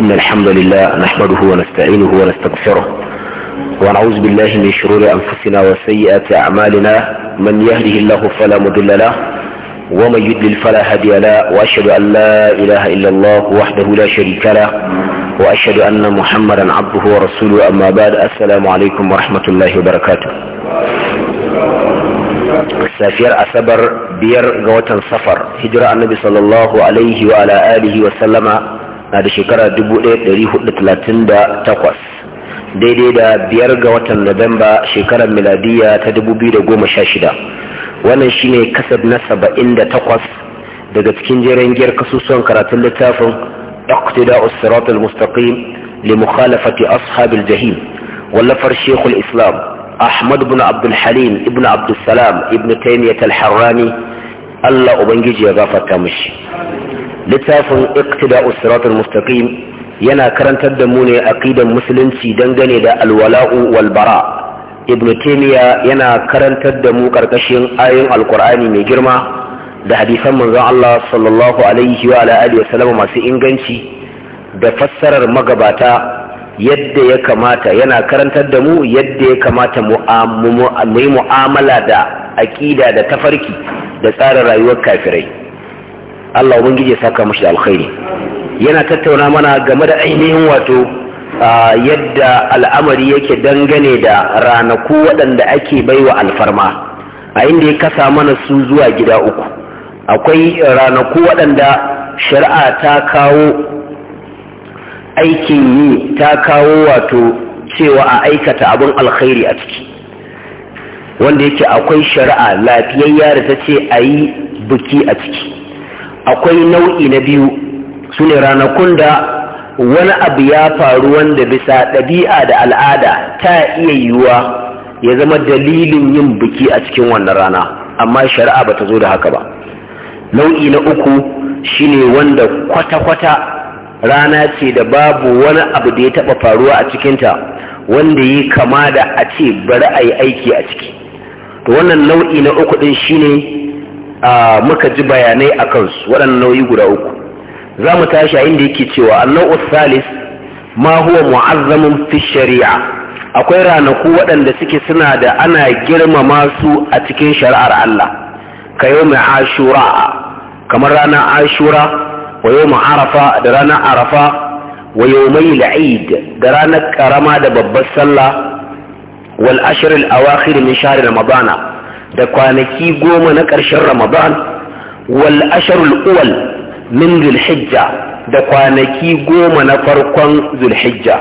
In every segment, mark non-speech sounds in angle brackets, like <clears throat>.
إن الحمد لله نحمده ونستعينه ونستغفره ونعوذ بالله من شرور أنفسنا وسيئات أعمالنا من يهده الله فلا مضل له ومن يدلل فلا هادي له وأشهد أن لا إله إلا الله وحده لا شريك له وأشهد أن محمدا عبده ورسوله أما بعد السلام عليكم ورحمة الله وبركاته safiyar أسبر بير غوة صفر هجرة النبي صلى الله عليه وعلى آله وسلم na da shekara 1438 daidai da biyar ga watan nadamba shekarar miladiya ta da goma sha 2016 wannan shine kasar na saba'in da 78 daga cikin jiran giyar kasusuwan karatun littafin iqtida usirat al-mustaqim li mukhalafati ashabil jahil wallafar sheikh islam ahmad ibn abd al abdulsalam ibn abd salam ibn taymiyyah allah ubangiji ya gafarta mashi. littafin iktida usratul mustaqim yana karantar da mu ne aqidan musulunci dangane da alwala'u wal bara ibn taymiya yana karantar da mu karkashin ayoyin alqur'ani mai girma da hadisan manzon Allah sallallahu alaihi wa alihi masu inganci da fassarar magabata yadda ya kamata yana karantar da mu yadda ya kamata mu mu'amala da aƙida da tafarki da tsarin rayuwar kafirai Allah ubangiji ya saka mashi da alkhairi yana tattauna mana game da ainihin wato yadda al'amari yake dangane da ranaku waɗanda ake baiwa alfarma a inda ya kasa mana su zuwa gida uku akwai ranaku waɗanda shari'a ta kawo aikin yi ta kawo wato cewa a aikata abin alkhairi a ciki wanda yake akwai shari'a lafiyayya da ta ce a yi buki a ciki akwai nau'i na biyu su ne ranakun da wani abu ya faru wanda bisa ɗabi'a da al'ada ta iya yiwuwa ya zama dalilin yin biki a cikin wannan rana amma shari'a ba ta zo da haka ba nau'i na uku shi ne wanda kwata-kwata rana ce da babu wani abu da ya taɓa faruwa a cikinta wanda yi kama da a ce bari a yi aiki a ciki to wannan nau'i na uku ɗin shi ne. muka ji bayanai a kansu waɗannan nauyi guda uku za mu tashi a inda yake cewa annau salis ma huwa mu'azzamun fi shari'a akwai ranaku waɗanda suke suna da ana girmama su a cikin shari'ar Allah ka yau mai ashura kamar ranar ashura wa yau arafa da ranar arafa wa yau mai la'id da ranar karama da babbar sallah wal ashirin awakhir min shahri ramadana da kwanaki goma na ƙarshen ramadan wal asharul uwal min zulhijja da kwanaki goma na farkon zulhijja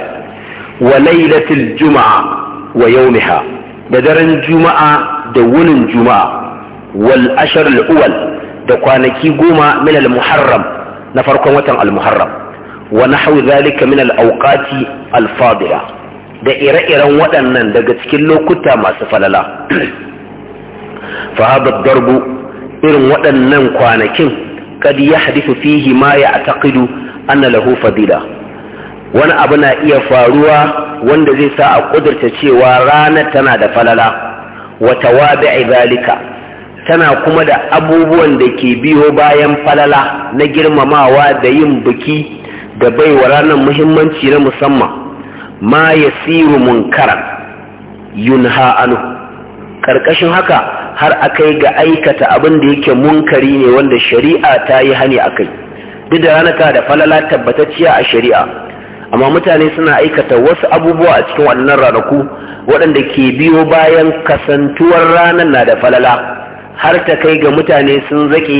wa lailatul juma'a wa yaumiha da daren juma'a da wunin juma'a wal asharul uwal da kwanaki goma min al muharram na farkon watan al muharram wa nahwu zalika min al awqati al fadila da ire-iren waɗannan daga cikin lokuta masu falala <clears throat> fa hada darbu irin waɗannan kwanakin kad Hadisu fihi ma ya'taqidu anna lahu fadila wani abu na iya faruwa wanda zai sa a kudurta cewa rana tana da falala wa tawabi'i zalika tana kuma da abubuwan da ke biyo bayan falala na girmamawa da yin biki da baiwa ranar muhimmanci na musamman ma yasiru munkaran yunha anhu karkashin haka har akai ga aikata abin da yake munkari ne wanda shari'a ta yi hani akai duk da ranaka da falala tabbatacciya a shari'a amma mutane suna aikata wasu abubuwa a cikin wannan ranaku waɗanda ke biyo bayan kasantuwar ranar na da falala har ta kai ga mutane sun zake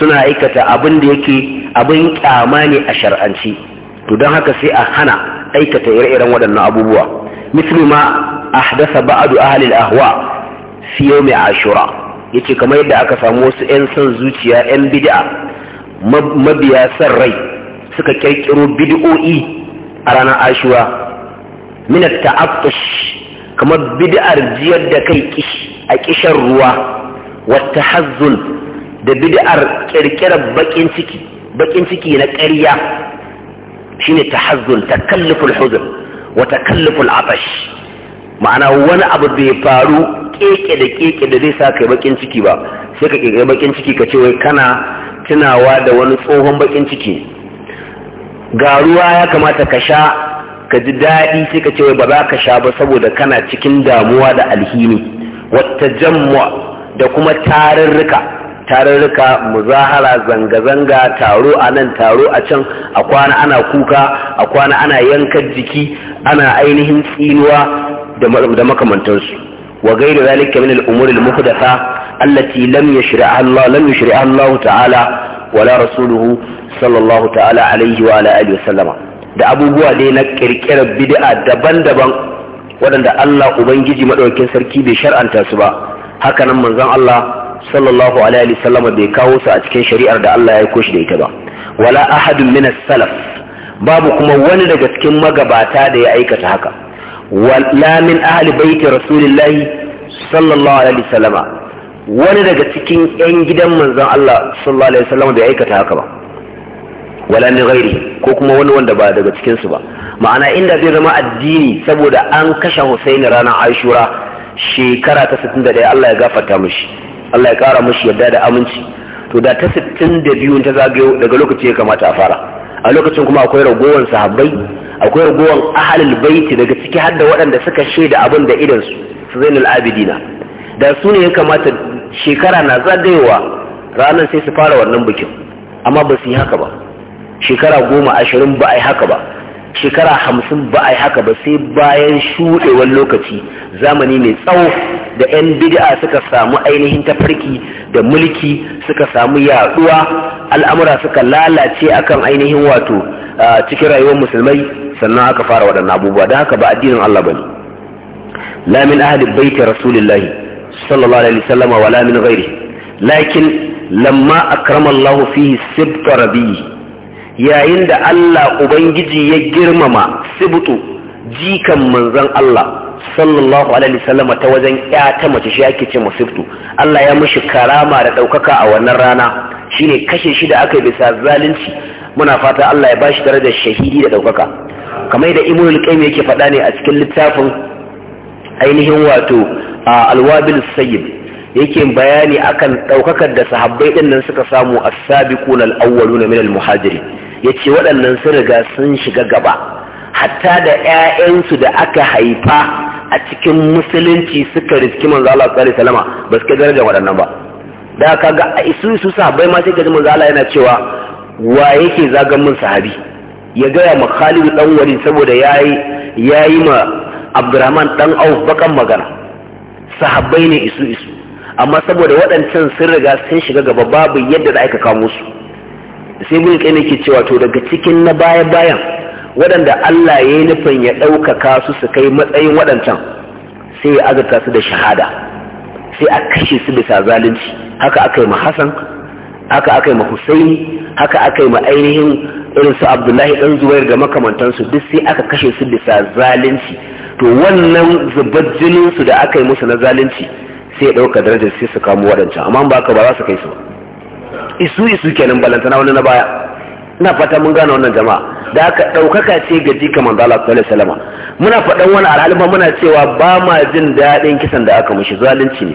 suna aikata abin da yake abin kyama ne a shar'anci to don haka sai a hana aikata ire-iren waɗannan abubuwa misli ma ahdasa ba'adu ahlil ahwa siyo mai ashura yace kamar yadda aka samu wasu yan son zuciya yan bid'a mabiya san rai suka kirkiro bid'o'i a ranar ashura min at kamar bid'ar jiyar da kai a kishan ruwa wata hazzun da bid'ar kirkirar bakin ciki bakin ciki na ƙarya shine ta takalluful huzn wata takalluful atash ma'ana wani abu bai faru keke da keke da zai sa kai bakin ciki ba sai ka keke bakin ciki ka ce wai kana tunawa da wani tsohon bakin ciki ga ruwa ya kamata ka sha ka ji daɗi sai ka ce wai ba za ka sha ba saboda kana cikin damuwa da alhini wata jamwa da kuma tarurruka tarurruka muzahara zanga-zanga taro a nan taro a can a kwana ana kuka a kwana ana yankan jiki ana ainihin tsinuwa da makamantarsu وغير ذلك من الأمور المحدثة التي لم يشرعها الله لم يشرعها الله تعالى ولا رسوله صلى الله تعالى عليه وعلى آله وسلم da abubuwa ne na kirkirar bid'a daban-daban waɗanda Allah Ubangiji maɗaukin sarki bai shar'anta su ba hakanan manzon Allah sallallahu alaihi wasallam bai kawo su a cikin shari'ar da Allah ya yi koshi da ita ba wala ahadun min salaf babu kuma wani daga cikin magabata da ya aikata haka wala min ahli baiti rasulillahi sallallahu alaihi wasallama wani daga cikin yan gidan manzon Allah sallallahu alaihi wasallama bai aikata haka ba wala min ghairi ko kuma wani wanda ba daga cikin su ba ma'ana inda zai zama addini saboda an kashe Husaini ranar Ashura shekara ta 61 Allah ya gafarta mushi, Allah ya kara mushi yadda da aminci to da ta 62 ta zagayo daga lokaci ya kamata a fara a lokacin kuma akwai ragowar sahabbai akwai ragowar ahalin baiti daga ciki har da waɗanda suka shaida abin da idan su su zainul abidina da su ne ya kamata shekara na zagayewa ranar sai su fara wannan bikin amma ba su yi haka ba shekara goma ashirin ba a yi haka ba shekara hamsin ba a yi haka ba sai bayan shuɗewar lokaci zamani mai tsawo da 'yan bid'a suka samu ainihin tafarki da mulki suka samu yaɗuwa al'amura suka lalace akan ainihin wato A cikin rayuwar musulmai sannan aka fara waɗannan abubuwa da haka ba addinin Allah bane la min ahli baiti rasulillahi sallallahu alaihi wasallam wa la min ghairi lakin lamma akrama Allah fihi sibta rabi yayin da Allah ubangiji ya girmama sibtu jikan manzon Allah sallallahu alaihi wasallam ta wajen ya ta mace shi ake ce musibtu Allah ya mishi karama da daukaka a wannan rana shine kashe shi da aka yi bisa zalunci muna fata Allah ya bashi darajar shahidi da ɗaukaka, kamar da Ibn al yake faɗa ne a cikin littafin ainihin wato a wabil yake bayani akan daukakar da sahabbai din nan suka samu as-sabiqun al-awwalun min al-muhajirin yace waɗannan sun riga sun shiga gaba hatta da ƴaƴansu da aka haifa a cikin musulunci suka riski manzo Allah sallallahu alaihi wasallam ba su kai darajar waɗannan ba da kaga a isu su sahabbai ma sai ga manzo Allah yana cewa wa yake zagan min sahabi ya gaya ma Khalid dan Walid saboda yayi yayi ma Abdurrahman dan Auf bakan magana sahabbai ne isu isu amma saboda waɗancan sun riga sun shiga gaba babu yadda da aka kawo su sai mun kai nake cewa to daga cikin na baya bayan waɗanda Allah ya yi nufin ya ɗaukaka su su kai matsayin waɗancan sai ya azurta su da shahada sai a kashe su bisa zalunci haka aka yi ma Hassan haka aka yi ma Husaini haka aka yi ma ainihin irin su abdullahi ɗan zubair ga makamantansu duk sai aka kashe su bisa zalunci to wannan zubar jinin su da aka yi musu na zalunci sai ya ɗauka darajar sai su kamo waɗancan amma ba ka ba za su kai su isu isu kenan balantana wani na baya ina fata mun gane wannan jama'a da aka ɗaukaka ce ga jika man Allah sallallahu salama, muna faɗan wani alhalin ba muna cewa ba ma jin daɗin kisan da aka mushi zalunci ne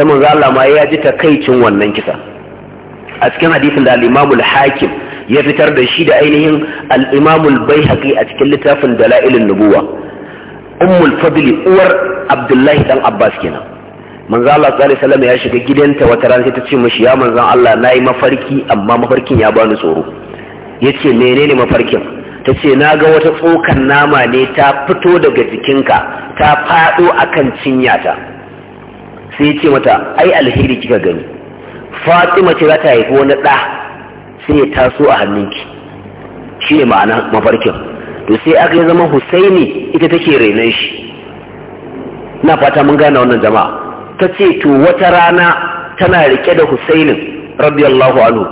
zaman manzo ma ya ji takaicin wannan kisa a cikin hadisin da al hakim ya fitar da shi da ainihin al-imamul baihaqi a cikin littafin la'ilin nubuwa ummul fadli uwar abdullahi dan abbas kenan manzo Allah sallallahu alaihi wasallam ya shiga gidanta wata rana sai ta ce mishi ya manzo Allah nayi mafarki amma mafarkin ya bani tsoro yace menene mafarkin ta ce na ga wata tsokan nama ne ta fito daga jikinka ta fado akan cinyata sai ce mata ai alheri kika gani fatima ce za ta haifi wani ɗa sai ya taso a hannunki shi ne ma'ana mafarkin to sai aka yi zama husaini ita take renon shi na fata mun gane wannan jama'a ta ce to wata rana tana rike da husainin radiyallahu anhu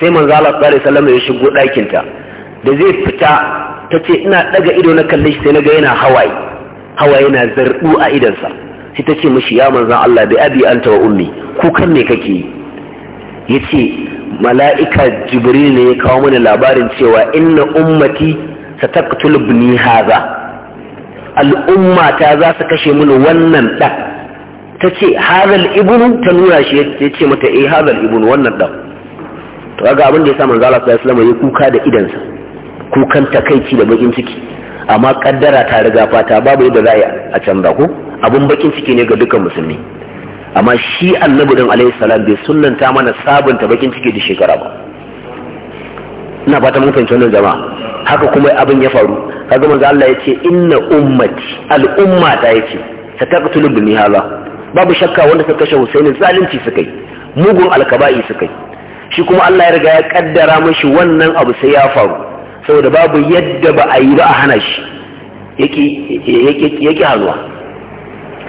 sai manzo Allah sallallahu alaihi ya shigo ɗakinta. da zai fita ta ce ina ɗaga ido na kalle shi sai na ga yana hawaye hawaye na zardu a idansa sai ta ce mishi ya manzan Allah bi abi anta wa ummi kukan me kake yi ya ce mala'ika jibril ne ya kawo mana labarin cewa inna ummati taktul ibni haza al'ummata za su kashe mini wannan ɗan ta ce hazal ibnu ta nuna shi ya ce mata eh hazal ibnu wannan ɗan to ga abin da ya sa manzo Allah sallallahu ya kuka da idansa kukan takaici da bakin ciki amma kaddara ta riga fata babu yadda za a canza ko abin bakin ciki ne ga dukkan musulmi amma shi annabi din alaihi salam bai sunnanta mana sabunta bakin ciki da shekara ba ina fata mun fahimci wannan jama'a haka kuma abin ya faru kaga manzo Allah yace inna ummati al-umma ta yace taqtulu bi mihala babu shakka wanda suka kashe Husaini zalunci suka yi mugun alkaba'i suka yi shi kuma Allah ya riga ya kaddara mishi wannan abu sai ya faru saboda babu yadda ba a yi ba a hana shi yake yake yake hazuwa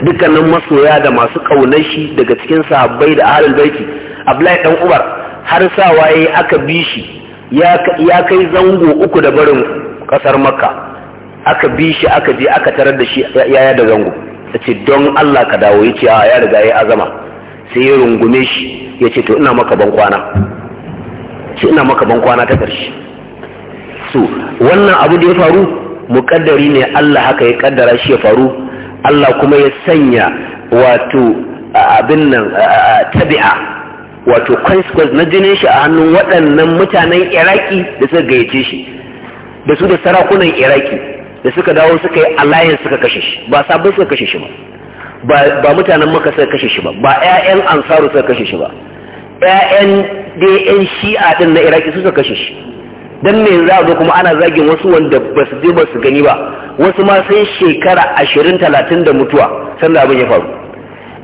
dukkanin masoya da masu ƙaunar shi daga cikin sahabbai da ahlul baiti abdullahi dan umar har sa waye aka bi shi ya kai zango uku da barin kasar makka aka bi shi aka je aka tarar da shi yaya da zango ya don allah ka dawo ya a ya riga ya azama sai ya rungume shi ya ce to ina maka ban kwana ina maka ban kwana ta ƙarshe so wannan abu da ya faru muqaddari ne allah haka ya kaddara shi ya faru Allah kuma ya sanya wato abin nan tabi'a wato consequence na jinin shi a hannun waɗannan mutanen iraki da suka gayyace shi da su da sarakunan iraki da suka dawo suka yi alliance suka kashe shi ba sabbin suka kashe shi ba ba mutanen maka suka kashe shi ba ba 'ya'yan ansaru suka kashe shi ba 'ya'yan da 'yan shi'a din na iraki su suka kashe shi dan me za zo kuma ana zagin wasu wanda ba su je ba su gani ba wasu ma sai shekara ashirin talatin da mutuwa sanda abin ya faru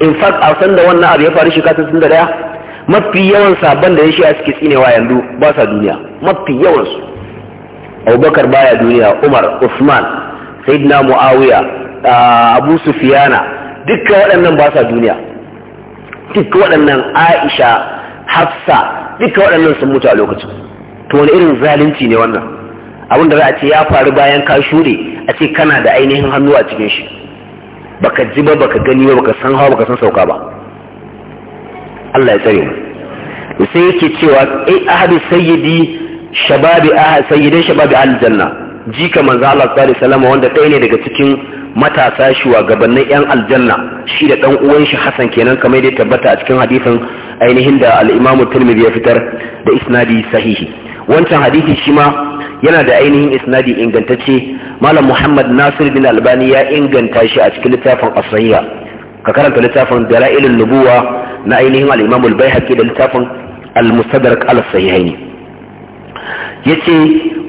in fact a sanda wannan abu ya faru shekara sun da daya mafi yawan sabon da ya shiga a suke tsinewa yanzu ba sa duniya mafi yawan su abubakar baya duniya umar usman sayyidina muawiya abu sufiyana dukkan waɗannan ba sa duniya dukkan waɗannan aisha hafsa dukkan waɗannan sun mutu a lokacin to wani irin zalunci ne wannan abin da za a ce ya faru bayan ka shure a ce kana da ainihin hannu a cikin shi baka ji ba baka gani ba baka san hawa baka san sauka ba Allah ya tsare mu sai yake cewa ai eh, ahadu sayyidi shababi ah sayyidan shababi aljanna jika manzo Allah sallallahu alaihi wasallam wanda ɗaya ne daga cikin matasa shugabannin yan aljanna shi da dan uwan shi Hassan kenan kamar da ya tabbata a cikin hadisin ainihin da al-Imam Tirmidhi ya fitar da isnadi sahihi wancan hadisi shi ma yana da ainihin isnadi ingantacce malam muhammad nasir bin albani ya inganta shi a cikin littafin asahiya ka karanta littafin dala'ilin nubuwa na ainihin al-imam da littafin al-mustadrak al ce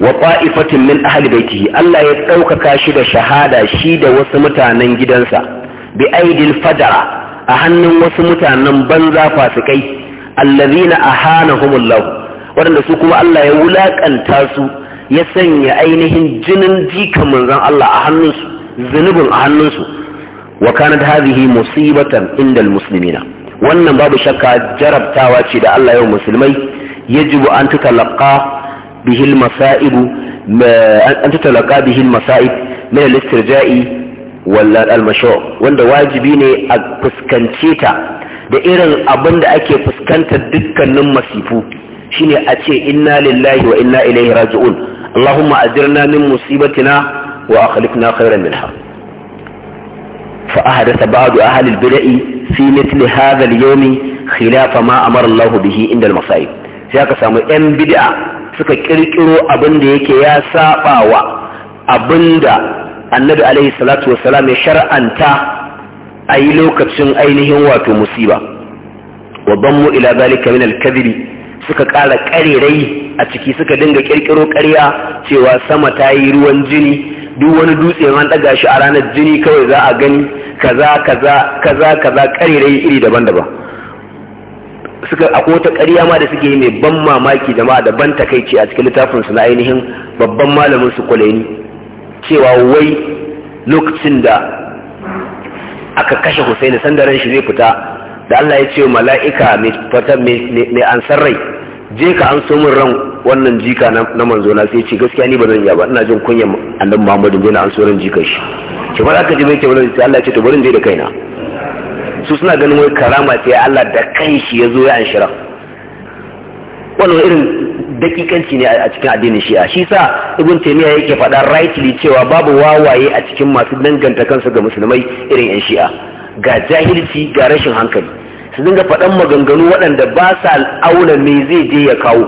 wa qa'ifatin min ahli baitihi Allah ya ɗaukaka shi da shahada shi da wasu mutanen gidansa bi aidil fadara a hannun wasu mutanen banza fasikai allazina ahanahumullahu waɗanda su kuma Allah ya wulaƙanta su ya sanya ainihin jinin jika manzon Allah a hannunsu zunubin a hannunsu wa da hadhihi musibatan indal musulmina. wannan babu shakka jarabtawa ce da Allah yau musulmai yajibu an tutalaqqa bihi al-masa'ib an tutalaqqa bihi masaib min al-istirja'i wal al-mashaw wanda wajibi ne a fuskance ta da irin abin da ake fuskantar dukkanin masifu shine a ce inna lillahi wa inna ilaihi raji'un allahumma ajirna min musibatina wa akhlifna khairan minha fa ahdatha ba'du ahli al-bid'i fi mithli hadha al-yawm khilafa ma amara Allah bihi inda al-masa'ib sai aka samu yan bid'a suka kirkiro abin da yake ya sabawa abinda annabi alaihi salatu wassalam ya shar'anta a yi lokacin ainihin wato musiba wa ila zalika min al-kadhibi suka ƙara ƙarerai a ciki suka dinga ƙirƙiro ƙarya cewa sama ta yi ruwan jini duk wani dutse man ɗaga shi a ranar jini kawai za a gani kaza kaza kaza kaza ƙarerai iri daban-daban suka akwai wata ƙarya ma da suke yi mai ban mamaki jama'a da ban takaici a cikin littafin su na ainihin babban malamin su kwaleni cewa wai lokacin da aka kashe Hussein sandaran shi zai fita da Allah ya ce mala'ika mai ansar rai je ka an so min ran wannan jika na manzo na sai ce gaskiya ni ba zan iya ba ina jin kunyan annabi Muhammadu bai na an so ran jika shi ki fara ka ji mai kebar sai Allah ya ce to bari in je da kaina su suna ganin wai karama sai Allah da kanshi ya zo ya anshira wannan irin dakikanci ne a cikin addinin shi'a shi sa ibn taymiya yake faɗa rightly cewa babu wawaye a cikin masu danganta kansu ga musulmai irin yan shi'a ga jahilci ga rashin hankali su dinga faɗan maganganu waɗanda ba sa auna me zai je ya kawo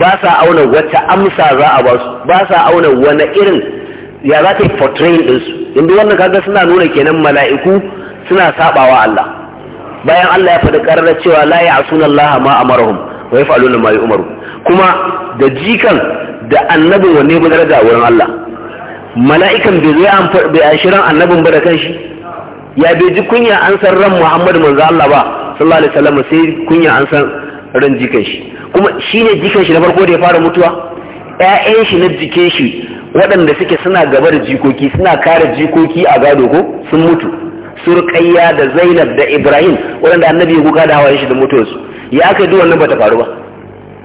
ba sa auna wacce amsa za a ba su ba sa auna wani irin ya za ta yi portrayal ɗinsu inda wannan kaga suna nuna kenan mala'iku suna sabawa Allah bayan Allah ya faɗi ƙarar cewa la ya asuna Allah ma amarahum wa fa'aluna ma yu'maru kuma da jikan da annabin wanne mu daraja wurin Allah mala'ikan bai zai bai ashiran annabin ba da kanshi ya bai ji kunya an san ran Muhammad manzo Allah ba sallallahu alaihi wasallam sai kunya an san ran jikan shi kuma shine jikan shi na farko da ya fara mutuwa ƴaƴan shi na jikin shi waɗanda suke suna gaba da jikoki suna kare jikoki a gado ko sun mutu surqayya da zainab da ibrahim waɗanda annabi ya kuka da hawaye shi da mutuwarsu ya aka yi duk wannan bata faru ba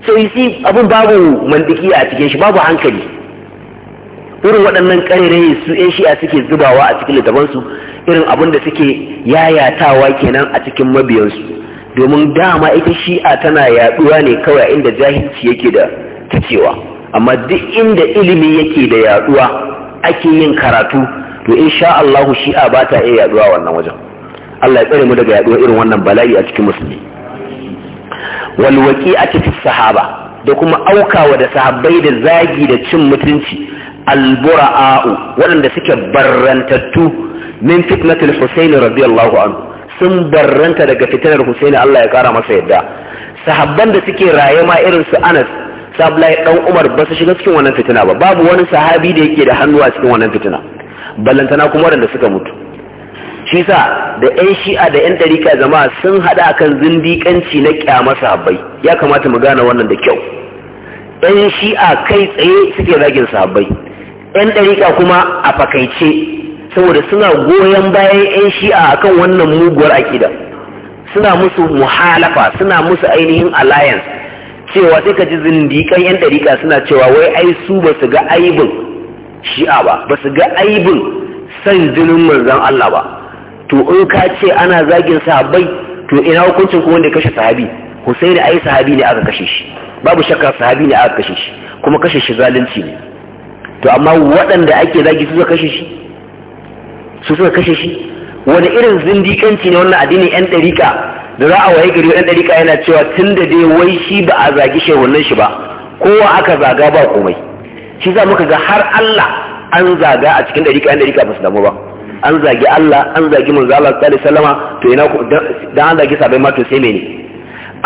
so you see abin babu mandiki a cikin shi babu hankali irin waɗannan ƙarirai su 'yan shi'a suke zubawa a cikin littafansu irin abin da suke yayatawa kenan a cikin mabiyansu domin dama ita shi'a tana yaɗuwa ne kawai inda jahilci yake da ta cewa amma duk inda ilimi yake da yaɗuwa ake yin karatu to sha Allahu shi'a ba ta iya yaɗuwa wannan wajen Allah ya tsare mu daga yaɗuwa irin wannan bala'i a cikin musulmi walwaki a cikin sahaba da kuma aukawa da sahabbai da zagi da cin mutunci albura'a'u waɗanda suke barrantattu min fitnatul husaini radiyallahu anhu sun barranta daga fitinar husaini Allah ya kara masa yadda sahabban da suke raye ma irin su anas sabulai dan umar ba su shiga cikin wannan fitina ba babu wani sahabi da yake da hannu a cikin wannan fitina ballantana kuma waɗanda suka mutu shi sa da 'yan shi'a da 'yan ɗarika zama sun haɗa akan zindiƙanci na ƙyama sahabbai ya kamata mu gane wannan da kyau 'yan shi'a kai tsaye suke zagin sahabbai 'yan ɗariƙa kuma a fakaice saboda suna goyon bayan 'yan shi'a akan wannan muguwar aƙida suna musu muhalafa suna musu ainihin alliance cewa sai ka ji zindikan 'yan ɗariƙa suna cewa wai ai su ba su ga aibin shi'a ba ba su ga aibin san jinin manzan Allah ba to in ka ce ana zagin sahabbai to ina hukuncin kuma wanda kashe sahabi Husaini ai sahabi ne aka kashe shi babu shakka sahabi ne aka kashe shi kuma kashe shi zalunci ne to amma waɗanda ake zagi su suka kashe shi su suka kashe shi wani irin zindikanci ne wannan addinin yan ɗarika da za a waye gari yan ɗarika yana cewa tun da dai wai shi ba a zagi shehunan shi ba kowa aka zaga ba komai shi za muka ga har Allah an zaga a cikin ɗarika yan ɗarika ba su damu ba an zagi Allah an zagi manzo Allah sallallahu alaihi wasallama to ina da an zagi sabai ma to sai mene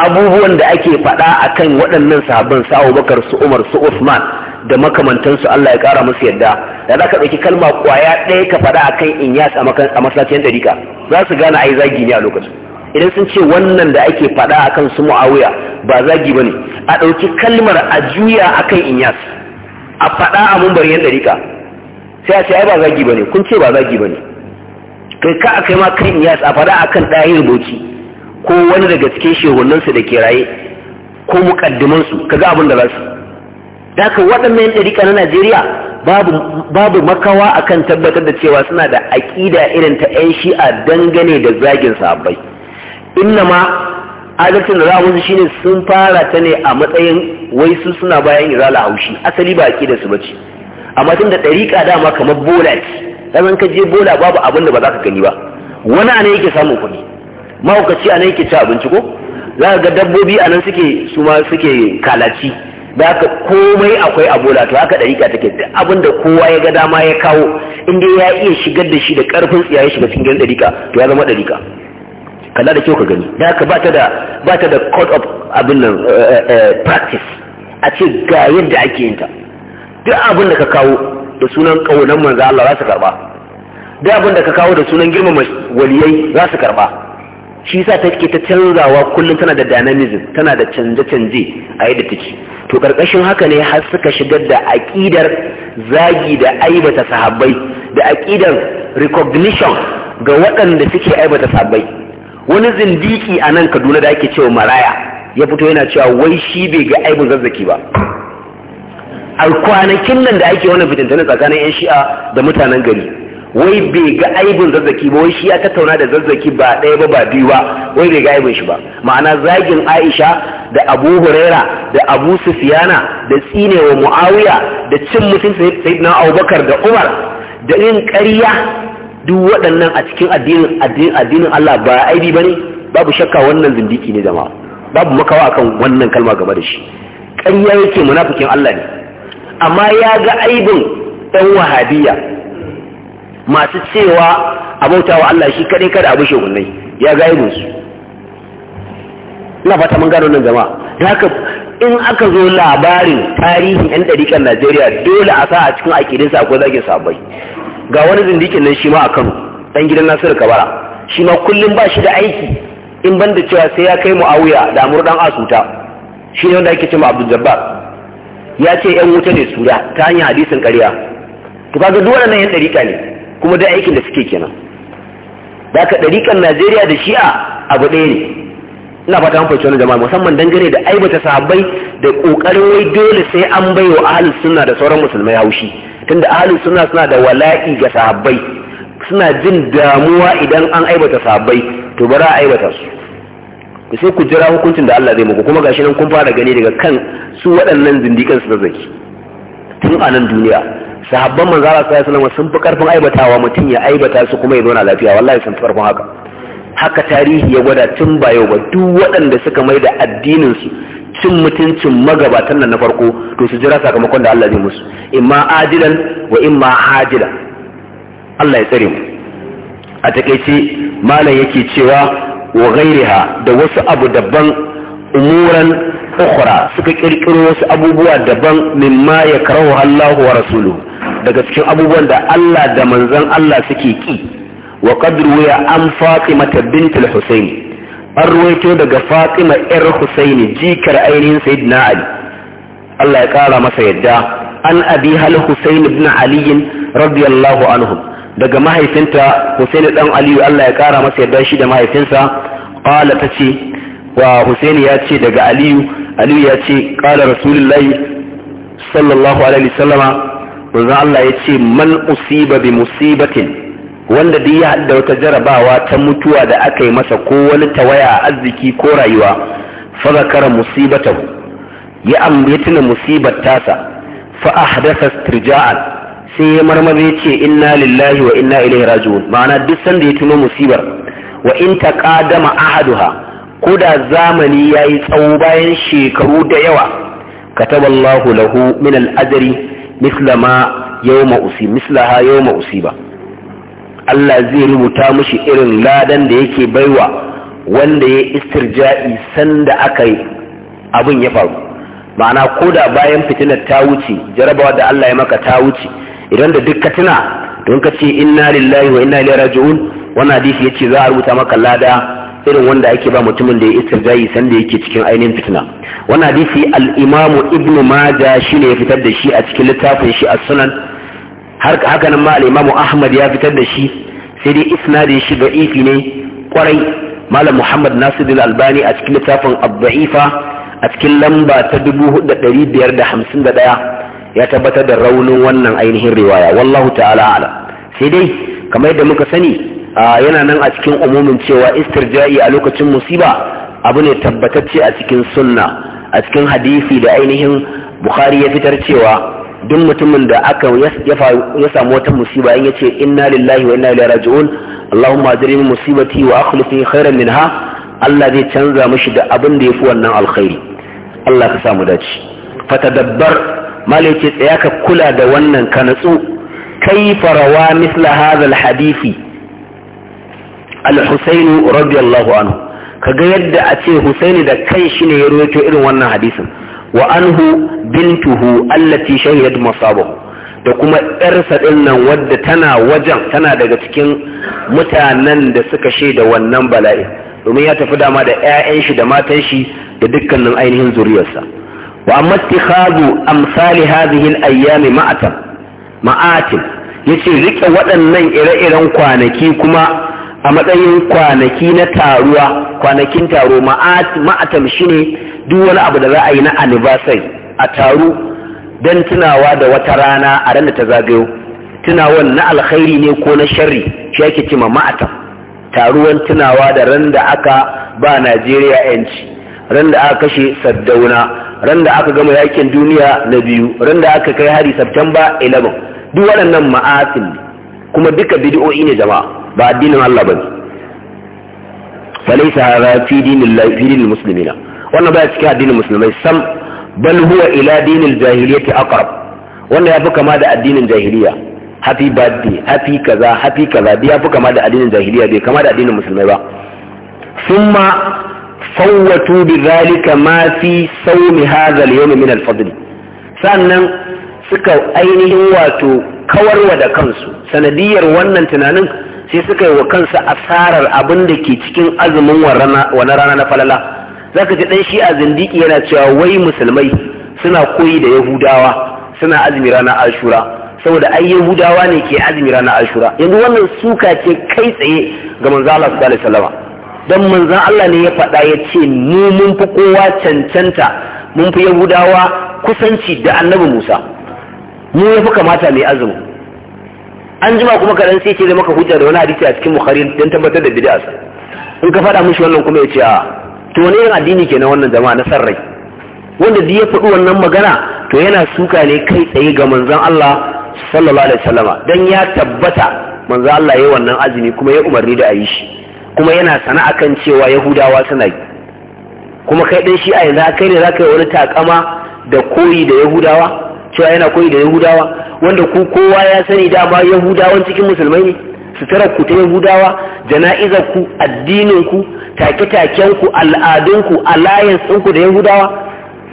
abubuwan da ake faɗa akan waɗannan sahabban su Abubakar su Umar su Uthman da makamantansu Allah ya kara musu yadda da za ka ɗauki kalma ƙwaya ɗaya ka faɗa a kan inyas a masallacin dariƙa za su gane yi zagi ne a lokacin idan sun ce wannan da ake faɗa a kan su mu'awiya ba zagi ba ne a ɗauki kalmar a juya a kan inyas a faɗa a mumbariyar dariƙa sai a ce ai ba zagi ba ne kun ce ba zagi ba ne kai ka a kai ma kan inyas a faɗa a kan ɗahir boci ko wani daga cikin shehunansu da ke raye ko mukaddimansu ga abin da za su da haka waɗannan yan ɗariƙa na najeriya babu makawa akan tabbatar da cewa suna da aƙida irin ta 'yan shi'a dangane da zagin sahabbai inna ma adalcin da za musu shine sun fara ta ne a matsayin wai suna bayan izala haushi asali ba aƙida su bace amma tun da ɗariƙa dama kamar bola ce zan ka je bola babu abin da ba za ka gani ba wani ana yake samun kuɗi mahaukaci ana yake ci abinci ko za ga dabbobi anan suke su suke kalaci da haka komai akwai a to haka ɗariƙa take duk abin da kowa ya ga dama ya kawo inda ya iya shigar da shi da ƙarfin tsiya ya shiga cikin gidan ɗariƙa to ya zama ɗariƙa kalla da kyau ka gani da haka bata da bata da code of abin nan eh, eh, eh, practice a ce ga yadda ake yin ta duk abin da ka kawo da sunan ƙaunar manzo Allah za su karba duk abin da ka kawo da sunan girmama waliyai za su karba shi yasa take ta canzawa kullum tana da dynamism tana da canje-canje a yadda take to karkashin haka ne har suka shigar da aƙidar zagi da aibata sahabbai da aƙidar recognition ga waɗanda suke aibata sahabbai wani zindiki a nan kaduna da ake cewa maraya ya fito yana cewa wai shi bai ga aibin zazzaki ba a kwanakin nan da ake wannan fitintunan tsakanin 'yan shi'a da mutanen gari wai bai ga aibin zazzaki ba wai shi ya tattauna da zazzaki ba ɗaya ba ba biyu ba wai bai ga aibin shi ba ma'ana zagin aisha da abu huraira da abu sufiyana da tsinewa mu'awiya da cin mutum sayyidina abubakar da umar da yin ƙarya duk waɗannan a cikin addinin Allah ba aibi ba ne? babu shakka wannan zindiki ne jama'a babu makawa akan wannan kalma game da shi ƙarya yake munafikin Allah ne amma ya ga aibin ɗan wahabiyya masu cewa a bauta wa Allah shi kadai kada abu shugunai ya gaibin su ina fata mun gano nan jama'a da haka in aka zo labarin tarihin yan ɗarikan Najeriya dole a sa a cikin akidinsa akwai zagin sabai ga wani zindikin nan shi ma a Kano dan gidan Nasiru Kabara shi ma kullum ba shi da aiki in ban da cewa sai ya kai Muawiya da Amr dan Asuta shi ne wanda ake cewa Abdul Jabbar ya ce yan wuta ne su ta hanyar hadisin ƙarya to kaga duk waɗannan yan ɗarika ne kuma da aikin da suke kenan da ka ɗariƙan najeriya da shi'a abu ɗaya ne ina fata an fahimci wani jama'a musamman dangane da aibata sahabbai da ƙoƙarin wai dole sai an bai wa ahalus suna da sauran musulmai haushi tunda ahalus suna suna da wala'i ga sahabbai suna jin damuwa idan an aibata sahabbai to bara a aibata su sai ku jira hukuncin da Allah zai muku kuma gashi nan kun fara gani daga kan su waɗannan zindikan su zaki tun a nan duniya sahabban manzo Allah sallallahu alaihi wasallam sun fi karfin aibatawa mutum ya aibata su kuma ya zauna lafiya wallahi sun fi karfin haka haka tarihi ya gwada tun ba yau ba duk waɗanda suka mai da addinin su cin mutuncin magabatan nan na farko to su jira sakamakon da Allah zai musu imma adilan wa imma hajila Allah ya tsare mu a takeice malam yake cewa wa ghairiha da wasu abu daban umuran ukhra suka kirkiro wasu abubuwa daban mimma ya karahu Allahu wa rasuluhu daga cikin abubuwan da Allah da manzon Allah suke ki wa qadru ya an Fatima bint al-Husayn an ruwaito daga Fatima yar Husaini jikar ainihin Sayyidina Ali Allah ya kara masa yadda an abi hal Husayn ibn Ali radiyallahu anhu daga mahaifinta Husain dan Ali Allah ya kara masa yadda shi da mahaifinsa qala tace wa Husaini ya ce daga Aliyu aliyu ya ce ƙala rasulullahi sallallahu alaihi sallama manzon Allah ya ce man usiba bi musibatin wanda duk ya da wata jarabawa ta mutuwa da aka yi masa ko wani tawaya arziki ko rayuwa fa zakara musibatahu ya ambaye tuna musibar tasa fa ahdasa istirja'an sai ya marmari ya ce inna lillahi wa inna ilaihi raji'un ma'ana duk sanda ya tuno musibar wa in taqadama ahaduha ko da zamani ya yi tsawo bayan shekaru da yawa ka Allahu lahu min al'adari mislama yau mausi mislaha yau mausi ba. Allah zai rubuta mushi irin ladan da yake baiwa wanda ya istirja'i sanda aka yi abin ya faru ma'ana ko da bayan fitinar ta wuce jarabawa da Allah ya maka ta wuce idan da duk ka tuna don ka ce inna lillahi wa inna ilaihi raji'un wannan hadisi ce za a rubuta maka lada irin wanda ake ba mutumin da ya san sanda yake cikin ainihin fitna wannan hadisi alimamu imamu ibn maja shine ya fitar da shi a cikin littafin shi a sunan har haka nan ma ahmad ya fitar da shi sai dai da shi da'ifi ne kwarai malam muhammad nasiruddin albani a cikin littafin ad a cikin lamba ta ɗaya ya tabbatar da raunin wannan ainihin riwaya wallahu ta'ala ala sai dai kamar yadda muka sani yana nan a cikin umumin cewa istirja'i a lokacin musiba abu ne tabbatacce a cikin sunna a cikin hadisi da ainihin bukhari ya fitar cewa duk mutumin da aka ya samu wata musiba in yace inna lillahi wa inna ilaihi raji'un allahumma ajrini musibati wa akhlif khairan minha Allah zai canza mishi da abin da yafi wannan alkhairi Allah ka samu dace fatadabbar malai ce tsaya ka kula da wannan ka natsu kaifa rawa misla hadha alhadisi al-husainu radiyallahu anhu kaga yadda a ce husaini da kai shi ne ya roto irin wannan hadisin wa anhu bintuhu allati shahidat masabahu da kuma yarsa din nan wadda tana wajen tana daga cikin mutanen da suka shaida wannan bala'i domin ya tafi dama da 'ya'yan shi da matan shi da dukkanin ainihin zuriyarsa wa amma ittikhadu amsali hadhihi al-ayyam ma'atan ma'atin yace rike waɗannan ire-iren kwanaki kuma a matsayin kwanaki na taruwa kwanakin taro ma'atam shi ne duk wani abu da za a yi na anniversary a taru don tunawa da wata rana a ranar ta zagayo tunawan na alkhairi ne ko na sharri shi ake cima ma'atam taruwan tunawa da ran da aka ba najeriya yanci ran da aka kashe saddauna ran da aka gama yakin duniya na biyu ran da aka kai hari September 11 duk waɗannan ma'atam kuma duka bidi'o'i ne jama'a ba addinin Allah bane falaysa hadha fi dinillahi fi dinil muslimina wannan baya cikin addinin musulmai sam bal huwa ila dinil jahiliyyati aqrab wannan yafi kama da addinin jahiliya happy birthday happy kaza happy kaza dai yafi kama da addinin jahiliya bai kama da addinin musulmai ba thumma fawwatu bidhalika ma fi sawmi hadha al-yawm min al-fadl sannan suka ainihin wato kawarwa da kansu sanadiyar wannan tunanin sai suka yi wa kansa asarar abin da ke cikin azumin wani rana na falala za ka ji ɗan shi a zindiki yana cewa wai musulmai suna koyi da yahudawa suna azumi rana ashura saboda ai yahudawa ne ke azumi rana ashura yanzu wannan suka ce kai tsaye ga manzo Allah sallallahu alaihi wasallam dan manzo Allah ne ya faɗa ya ce mu mun fi kowa cancanta mun fi yahudawa kusanci da annabi Musa mu ya fi kamata mai azumi an jima kuma kaɗan sai ce zai maka hujja da wani hadisi a cikin bukhari don tabbatar da bid'a sa in ka faɗa mishi wannan kuma ya ce a to wani irin addini ke na wannan jama'a na sarrai wanda duk ya faɗi wannan magana to yana suka ne kai tsaye ga manzon Allah sallallahu alaihi wasallama dan ya tabbata manzon Allah yayi wannan azumi kuma ya umarni da a shi kuma yana sana'a kan cewa yahudawa suna yi kuma kai dan shi a yanzu kai ne zaka yi wani takama da koyi da yahudawa cewa yana koyi da yahudawa wanda ku kowa ya sani dama yahudawan cikin musulmai ne tara ku ta yahudawa jana'izar ku addinin take-taken ku al'adun ku alliance ɗin ku da yahudawa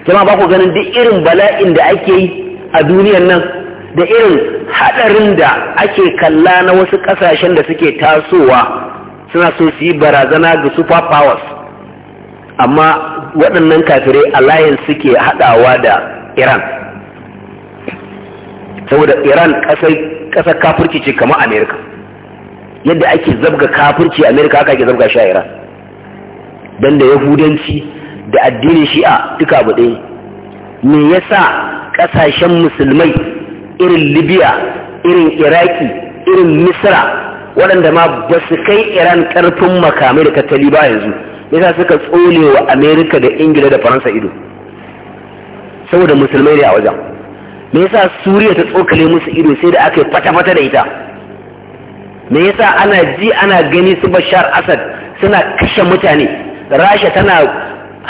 jama ba ku ganin duk irin bala'in da ake yi a duniyar nan da irin haɗarin da ake kalla na wasu ƙasashen da suke tasowa suna so su yi barazana ga super powers amma waɗannan kafirai alliance suke haɗawa da iran saboda iran ƙasar kafirci ce kama amerika yadda ake zabga kafirci a amerika haka ake zabga shi a iran don da yahudanci da addinin shi'a duka abu ɗaya ya sa ƙasashen musulmai irin libya irin iraki irin misra waɗanda ma ba su kai iran ƙarfin makamai da tattali ba yanzu yasa suka tsole wa amerika da ingila da faransa ido saboda musulmai ne a wajen me yasa suriya ta tsokale musu ido sai da aka yi fata-fata da ita me yasa ana ji ana gani su bashar asad suna kashe mutane rasha tana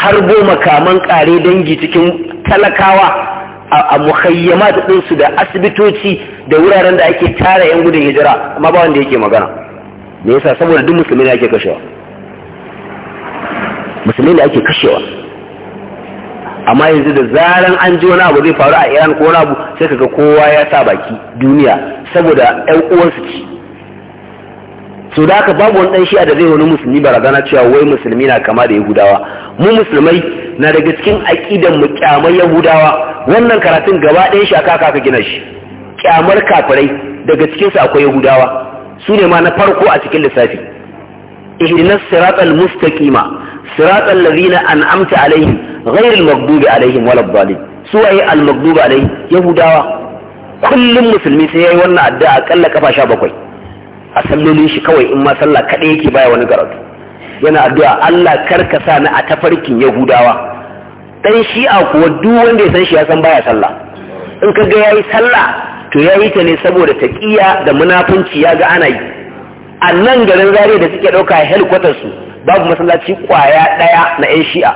harbo makaman kare dangi cikin talakawa a muhayyama muhayyamat ɗinsu da asibitoci da wuraren da ake tara 'yan gudun hijira amma ba wanda yake magana me yasa saboda duk musulmi ne ake kashewa musulmi ne ake kashewa amma yanzu da zaran an ji wani abu zai faru a iran ko wani abu sai kaga kowa ya sa baki duniya saboda yan uwansu ci so da haka babu wani dan shi'a da zai wani musulmi barazana cewa wai musulmi na kama da yahudawa mu musulmai na daga cikin aqidan mu kyamar yahudawa wannan karatun gaba ɗayan shi aka aka gina shi kyamar kafirai daga cikin su akwai yahudawa su ne ma na farko a cikin lissafi ihdinas siratal mustaqima siratal ladina an'amta alaihim ghairul maghdubi alaihim walad dhalin su waye al maghdubi alaihim yahudawa kullum musulmi sai yayi wannan addu'a akalla kafa 17 a sallolin shi kawai in ma sallah kadai yake baya wani garatu yana addu'a Allah karka sa ni a tafarkin yahudawa dan shi'a kuwa duk wanda ya san shi ya san baya sallah in ka ga yayi sallah to yayi ta ne saboda taqiya da munafunci ya ga ana yi a nan garin zare da suke dauka headquarters su babu masallaci kwaya daya na yan shi'a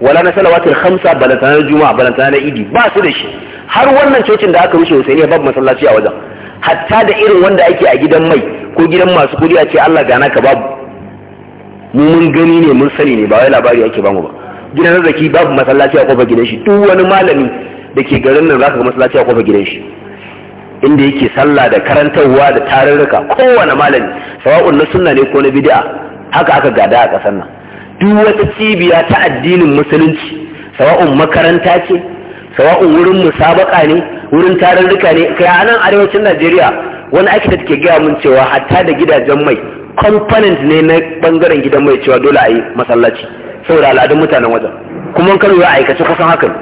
wala na salawatul khamsa balantana na juma'a balantana na idi ba su da shi har wannan cocin da aka rushe husainiya babu masallaci a wajen hatta da irin wanda ake a gidan mai ko gidan masu kudi a ce Allah gana ka babu mu mun gani ne mun sani ne ba wai labari ake bamu ba gidan zaki babu masallaci a kofar gidan shi duk wani malami da ke garin nan zaka ga masallaci a kofar gidan shi inda yake sallah da karantarwa da tarurruka kowane malami sawa'un na sunna ne ko na bid'a haka aka gada a ƙasar nan duk wata cibiya ta addinin musulunci sawa'un makaranta ce sawa'un wurin musabaka ne wurin tarurruka ne kai a nan arewacin najeriya wani akita take gaya mun cewa hatta da gidajen mai component ne na bangaren gidan mai cewa dole a yi masallaci saboda al'adun mutanen wajen kuma kan ya aikace kusan hakan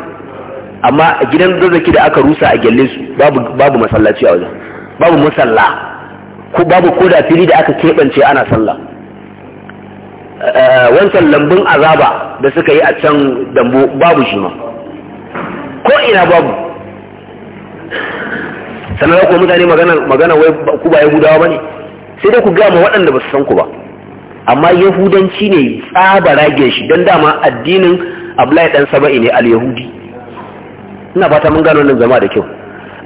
amma gidan zazzaki da aka rusa a gyalle su babu babu masallaci a wajen babu musalla ko babu koda fili da aka keɓance ana sallah Eh, wancan lambun azaba da suka yi a can dambo babu shi ma ko ina babu sannan mutane magana wai ku ba yahudawa ba ne sai dai ku gama waɗanda ba su san ku ba amma yahudanci ne tsaba rage shi don dama addinin abulai ɗan saba'i ne al-yahudi ina fata mun gano wannan zama da kyau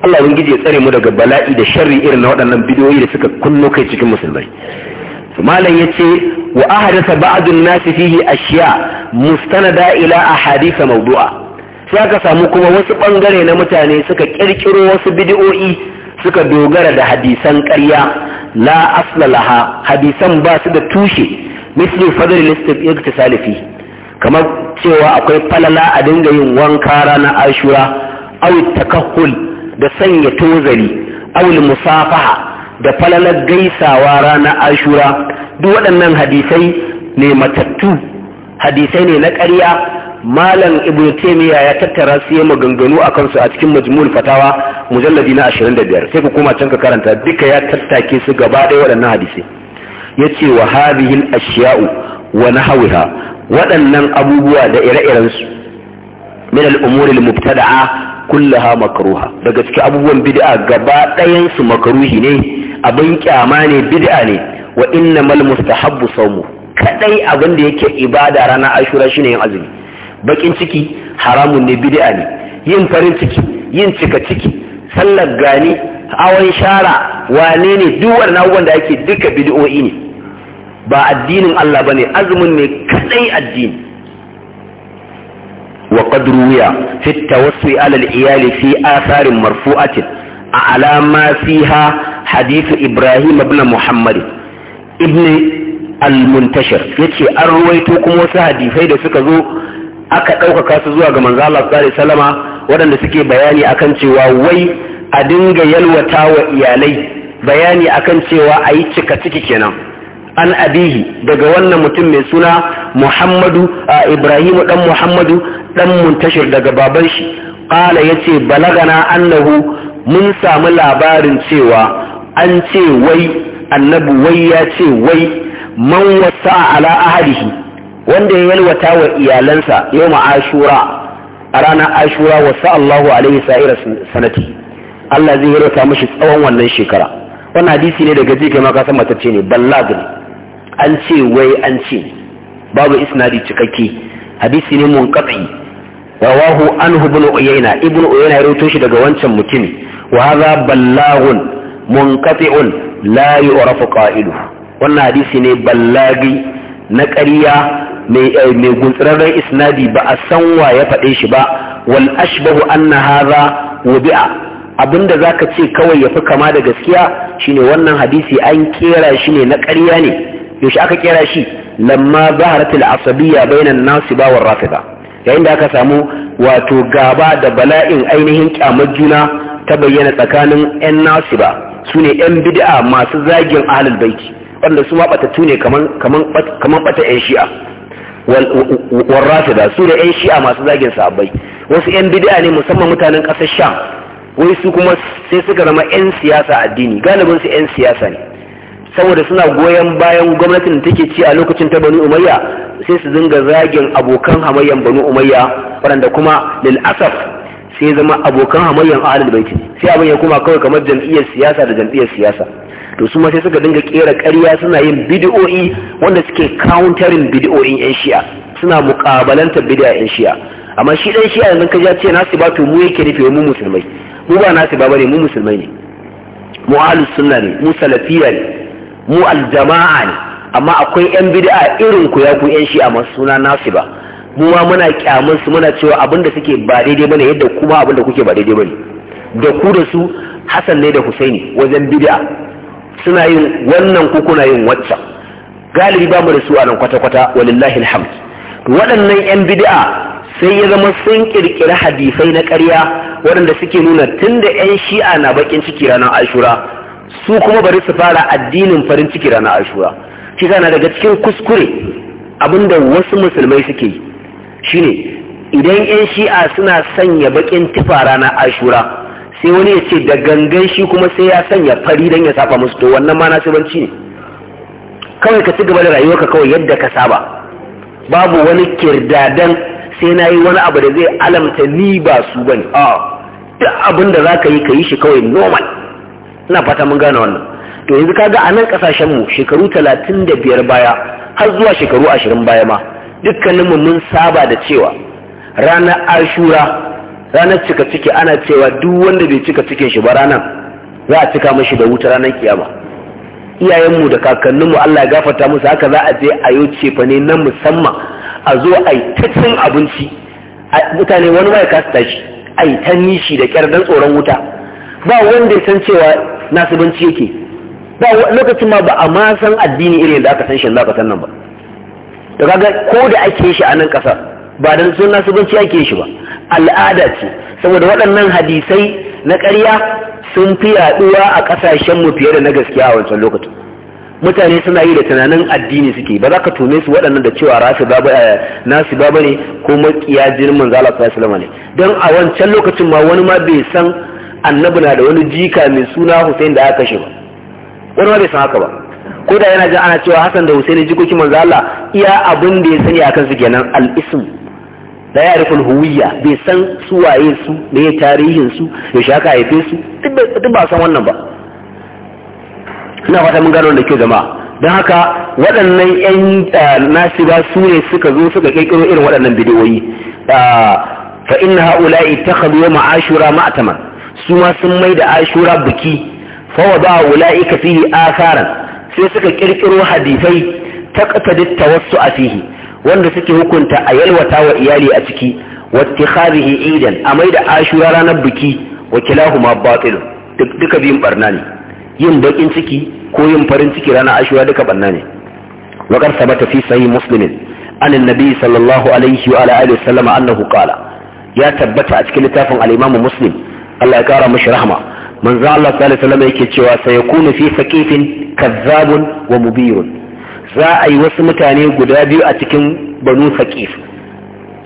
Allah ubangiji ya tsare mu daga bala'i da sharri irin na waɗannan bidiyoyi da suka kunno kai cikin musulmai malam yace wa ahdatha ba'd an-nas fihi ashiya mustanada ila ahadith mawdu'a sai aka samu kuma wasu bangare na mutane suka kirkiro wasu bid'o'i suka dogara da hadisan ƙarya la asla laha hadisan ba su da tushe misli fadl al-iktisal kamar cewa akwai falala a dinga yin wanka ranar ashura aw takahhul da sanya tozali aw musafaha da falalar gaisawa rana ashura duk waɗannan hadisai ne matattu hadisai ne na ƙarya malam ibn taymiya ya tattara su yi maganganu a kansu a cikin majmul fatawa mujalladi na 25 sai ku koma can ka karanta duka ya tattake su gaba ɗaya waɗannan hadisai yace wa hadhihi al-ashya'u wa hawiha waɗannan abubuwa da ire-iren su min al-umuri al-mubtada'a kullaha makruha daga cikin abubuwan bid'a gaba ɗayan su makruhi ne abin kyama ne bid'a ne wa mal mustahabbu sawmu kadai abin da yake ibada ranar ashura shine yin azumi bakin ciki haramun ne bid'a ne yin farin ciki yin cika ciki sallar gani awon shara wane ne duk wannan abubuwan da ake duka bid'o'i ne ba addinin Allah bane azumin ne kadai addini وقد روي في التوسع على العيال في آثار مرفوعة على hadithu ibrahim ibn muhammad ibn al-muntashir yace an ruwaito kuma wasu hadisai da suka zo aka ɗaukaka su zuwa ga manzo Allah sallallahu alaihi waɗanda suke bayani akan cewa wai a dinga yalwata wa iyalai bayani akan cewa a yi cika ciki kenan an abihi daga wannan mutum mai suna muhammadu a ibrahim dan muhammadu dan muntashir daga baban shi qala ya ce balagana annahu mun samu labarin cewa an ce wai annabi wai ya ce wai man wasa ala ahadihi wanda ya yalwata wa iyalansa yau ashura a ranar ashura wasa Allahu alaihi sa'ira sanati Allah zai yalwata mashi tsawon wannan shekara wannan hadisi ne daga jikin maka san matacce ne ballag ne an ce wai an ce babu isnadi cikakke hadisi ne munqati rawahu anhu ibn uyayna ibn uyayna ya rawaito shi daga wancan mutum wa hadha ballaghun munqati'un la yu'rafu qa'ilu wannan hadisi ne ballagi na ƙarya mai eh, guntsirarren isnadi ba a san wa ya faɗe shi ba wal ashbahu anna hadha wubi'a abinda zaka ce kawai yafi kama da gaskiya shine wannan hadisi an kera shi ne na ƙarya ne yaushe aka kera shi lamma zaharatul asabiyya bainan nasiba war rafida yayin da aka samu wato gaba da bala'in ainihin kyamar juna ta bayyana tsakanin 'yan nasiba su ne yan bid'a masu zagin ahlul baiti wanda su ma ne kaman bata yan shi'a wal da su da yan shi'a masu zagin sabai wasu yan bid'a ne musamman mutanen ƙasar sham wai su kuma sai suka zama yan siyasa addini galibin su yan siyasa ne saboda suna goyon bayan gwamnatin da take ci a lokacin ta banu umayya sai su dinga zagin abokan hamayyan banu umayya waɗanda kuma lil asaf sai zama abokan hamayyan ahlul baiti sai abin ya kuma kawai kamar jam'iyyar siyasa da jam'iyyar siyasa to su ma sai suka dinga kera ƙarya suna yin bid'o'i wanda suke countering bid'o'in yan shi'a suna muƙabalantar bid'a yan shi'a amma shi dan shi'a yanzu ka ce nasu ba to mu yake nufi mu musulmai mu ba nasu ba bane mu musulmai ne mu ahlus sunna ne mu salafiyya ne mu aljama'a ne amma akwai yan bid'a irin ku ya ku yan shi'a masu suna nasu ba mu ma muna kyamun su muna cewa abin da suke ba daidai bane yadda kuma abin da kuke ba daidai bane da ku da su Hassan ne da Husaini wajen bid'a suna yin wannan ku kuna yin waccan galibi ba mu da su a nan kwata-kwata walillahi alhamd waɗannan yan bid'a sai ya zama sun kirkiri hadisai na ƙarya waɗanda suke nuna tunda da yan shi'a na bakin ciki ranar ashura su kuma bari su fara addinin farin ciki ranar ashura shi na daga cikin kuskure abinda wasu musulmai suke yi shine idan yan shi'a suna sanya bakin tufa rana ashura sai wani ya ce da gangan shi kuma sai ya sanya fari don ya saba musu to wannan ma nasibanci ne kawai ka ci gaba da rayuwarka kawai yadda ka saba babu wani kirdadan sai na yi wani abu da zai alamta ni ba su bane a duk abin da za ka yi ka yi shi kawai normal ina fata mun gane wannan to yanzu kaga a nan kasashenmu shekaru talatin da biyar baya har zuwa shekaru ashirin baya ma dukkaninmu mun saba da cewa rana ashura ranar cika ciki ana cewa duk wanda bai cika cikin shi ba ranar za a cika mashi da wuta ranar kiyama iyayenmu da kakanninmu Allah ya gafarta musu haka za a je a yi cefa ne na musamman a zo a yi ta abinci mutane wani mai ya a yi ta nishi da kyar dan tsoron wuta ba wanda ya san cewa nasibinci yake ba lokacin ma ba a ma san addini irin da aka san shi za ka san nan ba da kaga ko da ake shi a nan ƙasar ba da suna subanci ake shi ba al'ada ce saboda waɗannan hadisai na ƙarya sun fi yaɗuwa a ƙasashenmu fiye da na gaskiya a wancan lokacin mutane suna yi da tunanin addini suke ba za ka tume su waɗannan da cewa rasu nasu ba eh, ne ko makiya jinin manzo Allah sallallahu ne don a wancan lokacin ma wani ma bai san annabi na da wani jika mai suna Hussein da aka kashe ba wani ma bai san haka ba ko da yana jin ana cewa hasan da Husaini jikoki manzo Allah iya abun da ya sani akan su kenan al-ism da ya rufe huwiya bai san su waye su da ya tarihin su ya shaka haife su duk ba san wannan ba ina fata mun gano da ke jama'a don haka waɗannan 'yan nasiba su ne suka zo suka kirkiro irin waɗannan bidiyoyi fa inna ha'ula'i takhadhu yawma ashura ma'tama su ma sun mai da ashura biki fa wada ula'ika fihi asaran sai suka kirkiro hadisai ta wasu a fihi wanda suke hukunta a yalwata wa iyali a ciki wattikhadhihi idan a da ashura ranar biki wa ma batil duka biyun barna ne yin baƙin ciki ko yin farin ciki ranar ashura duka barna ne wa sabata fi sahih muslimin an annabi sallallahu alaihi wa alihi wasallam annahu qala ya tabbata a cikin littafin al-imam muslim Allah ya kara mishi rahma manzo Allah sallallahu alaihi yake cewa sayakunu fi saqifin kazzabun wa mubirun za a yi wasu mutane guda biyu a cikin banu saqif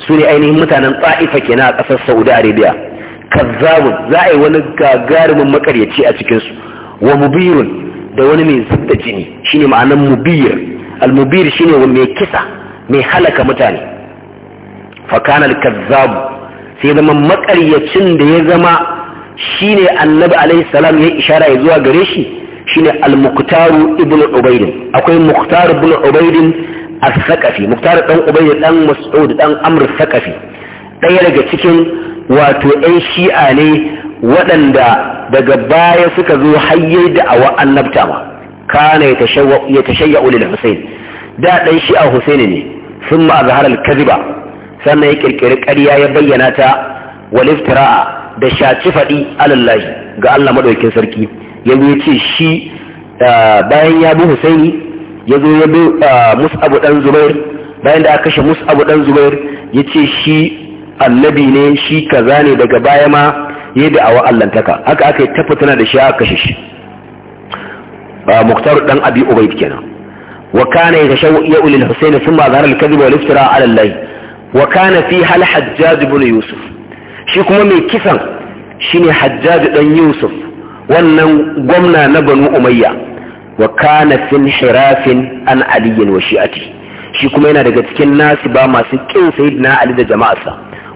su ne ainihin mutanen tsa'ifa kenan a ƙasar Saudi Arabia kazzabun za a yi wani gagarumin makaryaci a cikin su wa mubirun da wani mai zubda jini shine ma'anar mubir al-mubir shine mai kisa mai halaka mutane fa kana al-kazzab sai zama makaryacin da ya zama shine annabi alaihi salam ya ishara ya zuwa gare shi shine al-muqtaru Ibn ubayd akwai muqtar Ibn ubayd as-saqafi muqtar dan ubayd dan mas'ud dan amr as-saqafi daya daga cikin wato ɗan shi'a ne waɗanda daga baya suka zo hayyar da awa annabta ma kana ya tashayya ulil husain da ɗan shi'a husaini ne sun ma a kaziba sannan ya ƙirƙiri ƙarya ya bayyana ta waliftira'a da shaci faɗi alallahi ga Allah maɗaukin sarki ya zo ya ce shi bayan ya bi husaini ya zo ya bi mus'abu ɗan zubair bayan da aka kashe mus'abu ɗan zubair ya ce shi annabi ne shi kaza ne daga baya ma ya da awa allantaka haka aka yi tafatana da shi aka kashe shi muktar ɗan abi ubaid kenan wa kana ya kashe ya ulil husaini sun ma zarar kadi ba wa liftira alallahi wa kana fi hal hajjaj ibn yusuf shi kuma mai kisan shi ne hajjaji ɗan yusuf wannan gwamna na banu umayya wa kana fin shirafin an aliyin wa shi'ati shi kuma yana daga cikin nasu ba masu kin na ali da jama'arsa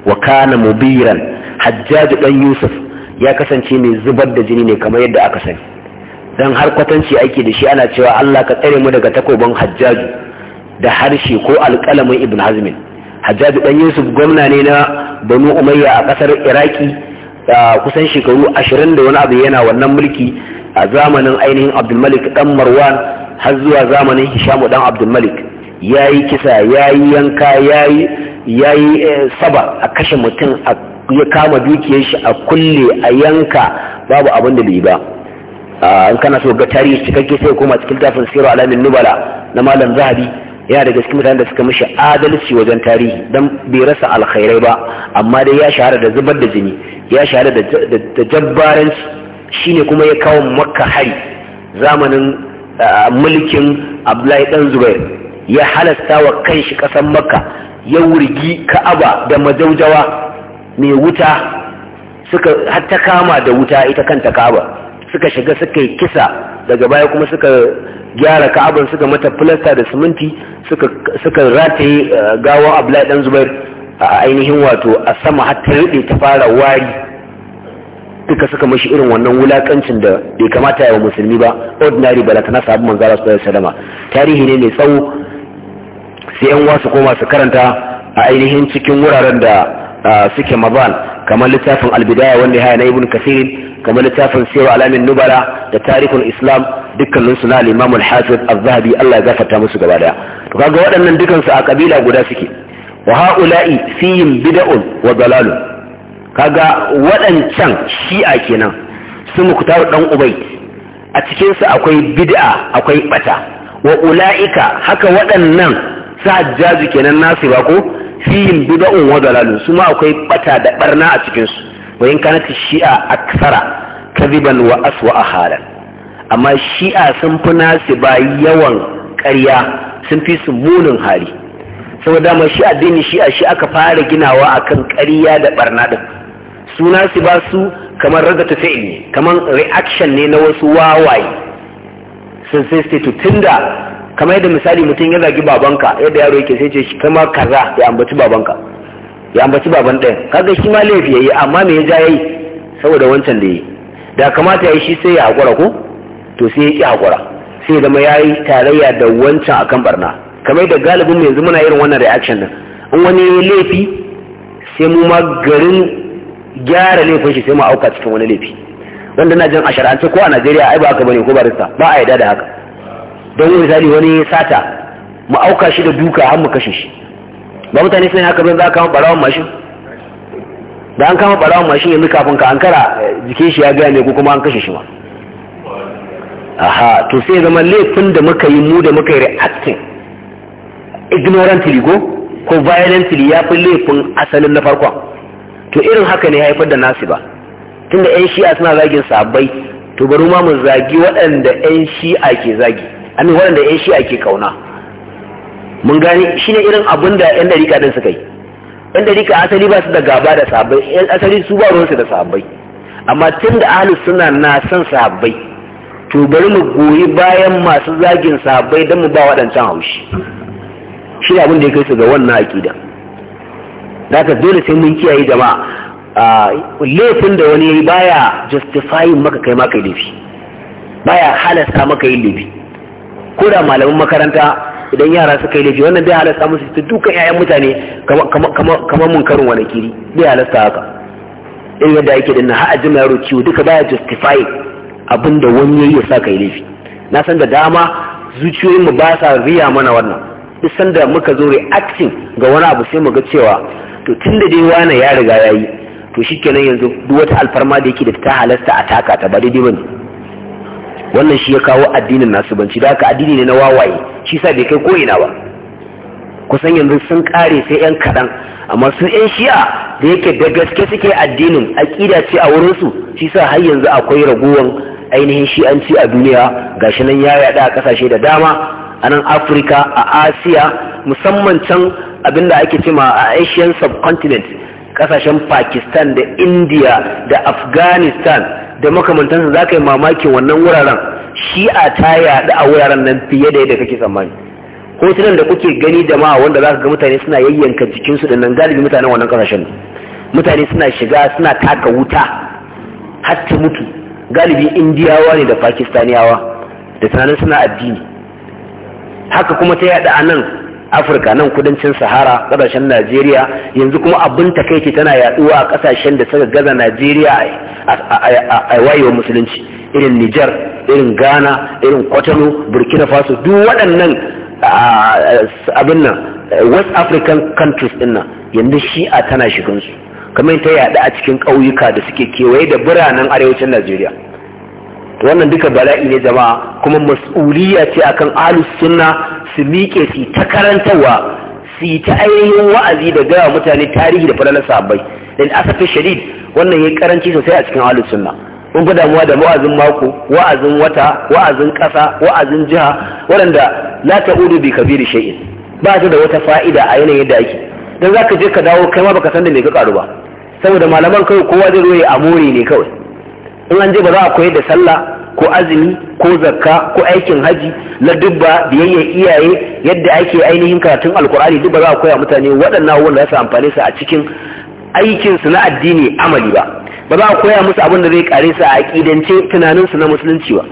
wa kana mubiran hajjaji ɗan yusuf ya kasance mai zubar da jini ne kamar yadda aka sani Don har kwatanci ake da shi ana cewa Allah ka tsare mu daga takobin hajjaju da harshe ko alƙalamin ibn hazmin hajjaji dan yusuf gwamna ne na banu umayya a kasar iraki kusan shekaru ashirin da wani abu yana wannan mulki a zamanin ainihin abdulmalik dan marwan har zuwa zamanin hishamu dan abdulmalik ya yi kisa ya yi yanka ya yi eh, saba a kashe mutum ya kama dukiyar shi a kulle a yanka babu abin da bai ba an kana so ga tarihi cikakke sai kuma cikin tafin sirar alamin nubala na malam zahabi ya daga cikin mutanen da suka mishi adalci wajen tarihi dan bai rasa alkhairai ba amma dai ya shahara da zubar da jini ya shahara da jabbaranci shine kuma ya kawo makka hari zamanin mulkin abdullahi dan zubair ya halasta wa shi kasan makka ya wurgi ka'aba da majaujawa mai wuta suka hatta kama da wuta ita kanta ka'aba suka shiga suka yi kisa daga baya kuma suka gyara ka'abar suka mata filasta da siminti suka rataye eh, gawon abla dan zubair a ainihin wato a sama har ta rube ta fara wari duka suka mashi irin wannan wulakancin da bai kamata yawa musulmi ba ordinary na sabu manzara su salama tarihi ne mai tsawo sai yan wasu koma su karanta a ainihin cikin wuraren da eh, suke maban kamar littafin albidaya wanda ya haya na ibn kasirin kamar littafin siyar alamin nubala da tarikul islam dukkanin su na limamul hafiz az-zahabi Allah ya gafarta musu gaba daya kaga waɗannan dukansu a kabila guda suke wa haula'i fihim bid'un wa dalalun kaga waɗancan shi'a kenan su muktar dan ubay a cikin akwai bid'a akwai bata wa ula'ika haka waɗannan sajjaji kenan nasu ba ko fihim bid'un wa dalalun su akwai ɓata da ɓarna a cikinsu. wa in kanat shi'a aksara kadiban wa aswa halan amma shi'a sun fi nasu ba yawan ƙarya sun fi su munin hali saboda ma shi addini shi'a shi aka fara ginawa akan ƙarya da barna din suna su ba kamar raga tafi'il ne kamar reaction ne na wasu wawaye sun sai tunda kamar yadda misali mutum ya zagi babanka yadda yaro yake sai ce shi kama kaza ya ambaci babanka ya ambaci baban ɗaya kaga shi ma laifi yayi amma me ya ja yayi saboda wancan da yayi da kamata yayi shi sai ya hakura ko to sai ya ki hakura sai zama yayi tarayya da wancan akan barna kamar da galibin yanzu muna irin wannan reaction din in wani laifi sai mu ma garin gyara laifin shi sai mu auka cikin wani laifi wanda na jin a shar'ance ko a Najeriya ai ba haka bane ko barista ba a yarda da haka don misali wani sata mu auka shi da duka har mu kashe shi ba mutane suna haka bin za a kama barawan mashin da an kama barawan mashin yanzu kafin ka ankara jikin shi ya gaya ne ko kuma an kashe shi ma aha to sai zama laifin da muka yi mu da muka yi reacting ignorantly ko ko violently ya fi laifin asalin na farkon to irin haka ne haifar da nasi ba tunda yan shi'a suna zagin sabai to bari ma mu zagi waɗanda yan shi'a ke zagi amin waɗanda yan shi'a ke kauna mun gane ne irin abin da yan dariƙa din suka yi yan dariƙa asali ba su da gaba da sahabbai yan asali su ba ruwansu da sahabbai amma tun da ahlus suna na son sahabbai to bari mu goyi bayan masu zagin sahabbai don mu ba waɗancan haushi shi ne abin da ya kai su ga wannan aƙida da ka dole sai mun kiyaye jama'a laifin da wani yayi baya justifying maka kai maka laifi baya halasta maka yin laifi ko da malaman makaranta idan yara suka yi laifi wannan bai halasta musu su duka 'ya'yan mutane kamar mun karin wani kiri bai halasta haka in yadda ake dinna har a jima yaro ciwo duka baya justify abin da wani yayi ya sa kai laifi na san da dama zuciyoyin mu ba sa riya mana wannan duk da muka zo reacting ga wani abu sai mu ga cewa to tunda dai wani ya riga yayi to shikenan yanzu duk wata alfarma da yake da ta halasta a taka ta ba daidai bane wannan shi ya kawo addinin banci da aka addini ne na wawaye shi sa bai kai ko'ina ba kusan yanzu sun kare sai yan kaɗan amma su yan shi'a da yake da gaske suke addinin aƙida ce a wurinsu shi sa har yanzu akwai raguwan ainihin shi'anci a duniya gashi nan ya yaɗa a ƙasashe da dama a nan afirka a asiya musamman can abinda ake cima a asian subcontinent ƙasashen pakistan da india da afghanistan da makamantansa za ka yi mamakin wannan wuraren shi'a ta yaɗu a wuraren nan fiye da yadda kake tsammani hotunan da kuke gani da ma wanda za ka ga mutane suna yayyanka jikinsu da nan galibi mutanen wannan ƙasashen mutane suna shiga suna taka wuta har ta mutu galibi indiyawa ne da pakistaniyawa da tunanin suna addini haka kuma ta yaɗu a nan afirka nan kudancin sahara kasashen najeriya yanzu kuma abin takaici tana yaduwa a kasashen da suka gaza najeriya a wayewa musulunci irin nijar irin ghana irin kwatano burkina faso duk waɗannan abin nan west african countries din nan yanzu shi'a tana shigansu kamar ta yada a cikin ƙauyuka da suke kewaye da biranen arewacin najeriya wannan duka bala'i ne jama'a kuma mas'uliya ce akan ahlus sunna su miƙe su ta karantarwa su ta ainihin wa'azi da gaya mutane tarihi da falalar sabai da asafi shadid wannan ya karanci sosai a cikin ahlus sunna Mun ga damuwa da wa'azin mako wa'azin wata wa'azin ƙasa wa'azin jiha waɗanda la ta'udu bi Kabiru shay'in ba ta da wata fa'ida a yanayin da ake dan zaka je ka dawo kai ma baka san da me ka karu ba saboda malaman kawai kowa zai roye amore ne kawai in an je ba za a koyar da sallah ko azumi ko zakka ko aikin haji na dubba biyayya iyaye yadda ake ainihin karatun alkur'ani dubba za a koya mutane waɗannan wanda ya sa amfani su a cikin aikin su na addini amali ba ba za a koya musu abin da zai kare su a tunanin tunaninsu na musulunci ba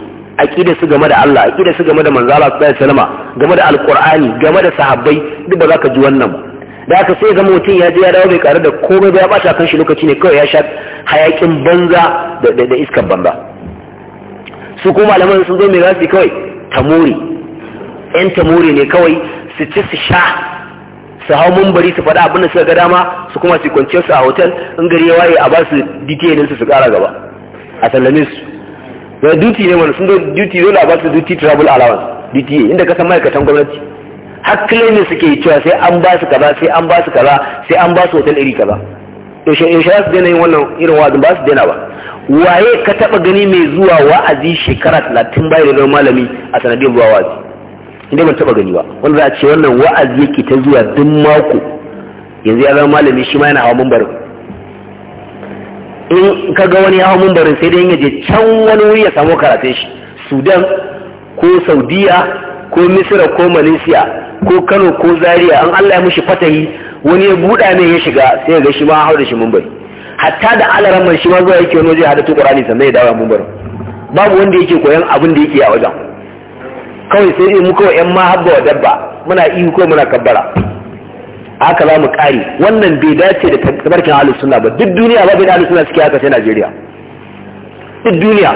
aqida su game da Allah aqida su game da Allah sallallahu alaihi salama game da alƙur'ani game da sahabbai duk ba za ka ji wannan ba da aka sai zama mutum ya je ya dawo bai ƙare da komai ba ya ɓata kan shi lokaci ne kawai ya sha hayakin banza da iskar banza su ko malaman sun zo mai za su kawai tamori yan tamori ne kawai su ci su sha su hau mumbari su faɗa abinda suka ga dama su kuma su kwanciyar su a hotel in gari ya waye a ba su dikinin su su ƙara gaba a sallame su da duty ne mana sun zo duty dole a ba su duty travel allowance duty inda ka san ma'aikatan gwamnati har ne suke yi cewa sai an ba su kaza sai an ba su kaza sai an ba su hotel iri kaza yaushe yaushe za su daina yin wannan irin wa'azin ba su daina ba waye ka taba gani mai zuwa wa'azi shekara talatin bayan da zama malami a sanadiyar zuwa wa'azi inda ban taba gani ba wanda za a ce wannan wa'azi yake ta zuwa duk mako yanzu ya zama malami shi ma yana hawa mumbarin in ka ga wani hawa mumbarin sai dai yaje can wani wuri ya samu karatun shi sudan ko saudiya ko misira ko malaysia ko kano ko zaria an allah ya mushi fatahi wani ya buɗa ne ya shiga sai ya ga shi ma hau da shi mumbari hatta da alaran shi ma zuwa yake wani waje hadatu qur'ani sannan ya dawo mun bar babu wanda yake koyan abin da yake a wajen kawai sai mu kawai yan mahabba wa dabba muna ihu ko muna kabbara haka za mu kare wannan bai dace da tabarkin ahlus sunna ba duk duniya babu ahlus sunna suke haka sai Najeriya duk duniya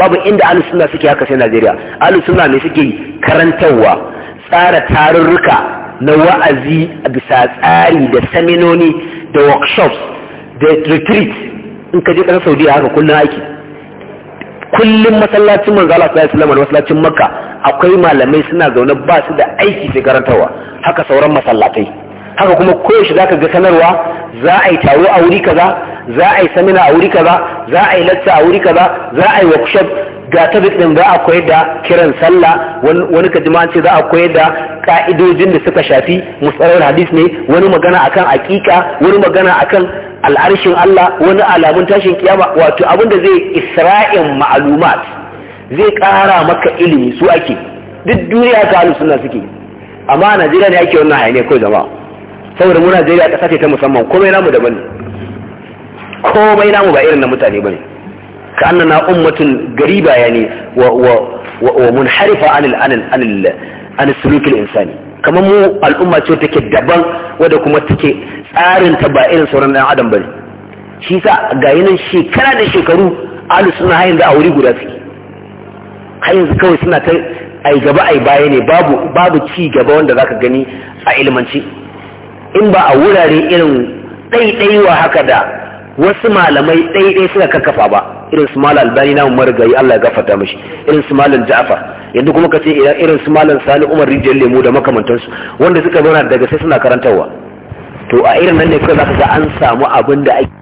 babu inda ahlus sunna suke haka sai Najeriya ahlus sunna ne suke karantarwa tsara tarurruka na wa'azi a bisa tsari da seminoni da workshops da retreat in ka je ƙasar saudiya haka kullum aiki kullum masallacin manzo Allah sallallahu alaihi masallacin makka akwai malamai suna zaune ba su da aiki sai karantarwa haka sauran masallatai haka kuma koyaushe zaka ga sanarwa za a yi taro a wuri kaza za a yi samina a wuri kaza za a yi lacca a wuri kaza za a yi workshop ga ta za a koyar da kiran sallah wani ka jima'an ce za a koyar da ka'idojin da suka shafi musalar hadis ne wani magana akan aƙiƙa wani magana akan al'arshin Allah wani alamun tashin kiyama wato da zai isra'in ma'alumat zai ƙara maka ilimi su ake duk duniya ta halin suna suke amma a Najeriya ne ake wannan hayaniya kawai zama saboda mu Najeriya ƙasa ce ta musamman komai namu daban ne komai namu ba irin na mutane bane ka annana ummatun gariba yani wa wa wa munharifa anil anil anil an suluk insani kamar mu al'umma ce take daban wadda kuma take tsarin ta ba irin sauran ɗan adam bane shi sa ga yinan shekara da shekaru alu suna hayan da a guda su har yanzu kawai suna ta ai gaba ai baya ne babu babu ci gaba wanda zaka gani a ilmanci in ba a wurare irin ɗaiɗaiwa haka da wasu malamai ɗaiɗai suka kakkafa ba irin su malam albani na umar gari Allah ya gafarta mishi irin su malam ja'far yanzu kuma kace irin su malam sani umar rijiyar lemu da makamantansu wanda suka zauna daga sai suna karantarwa to a irin nan ne kuka zaka ga an samu abin da ake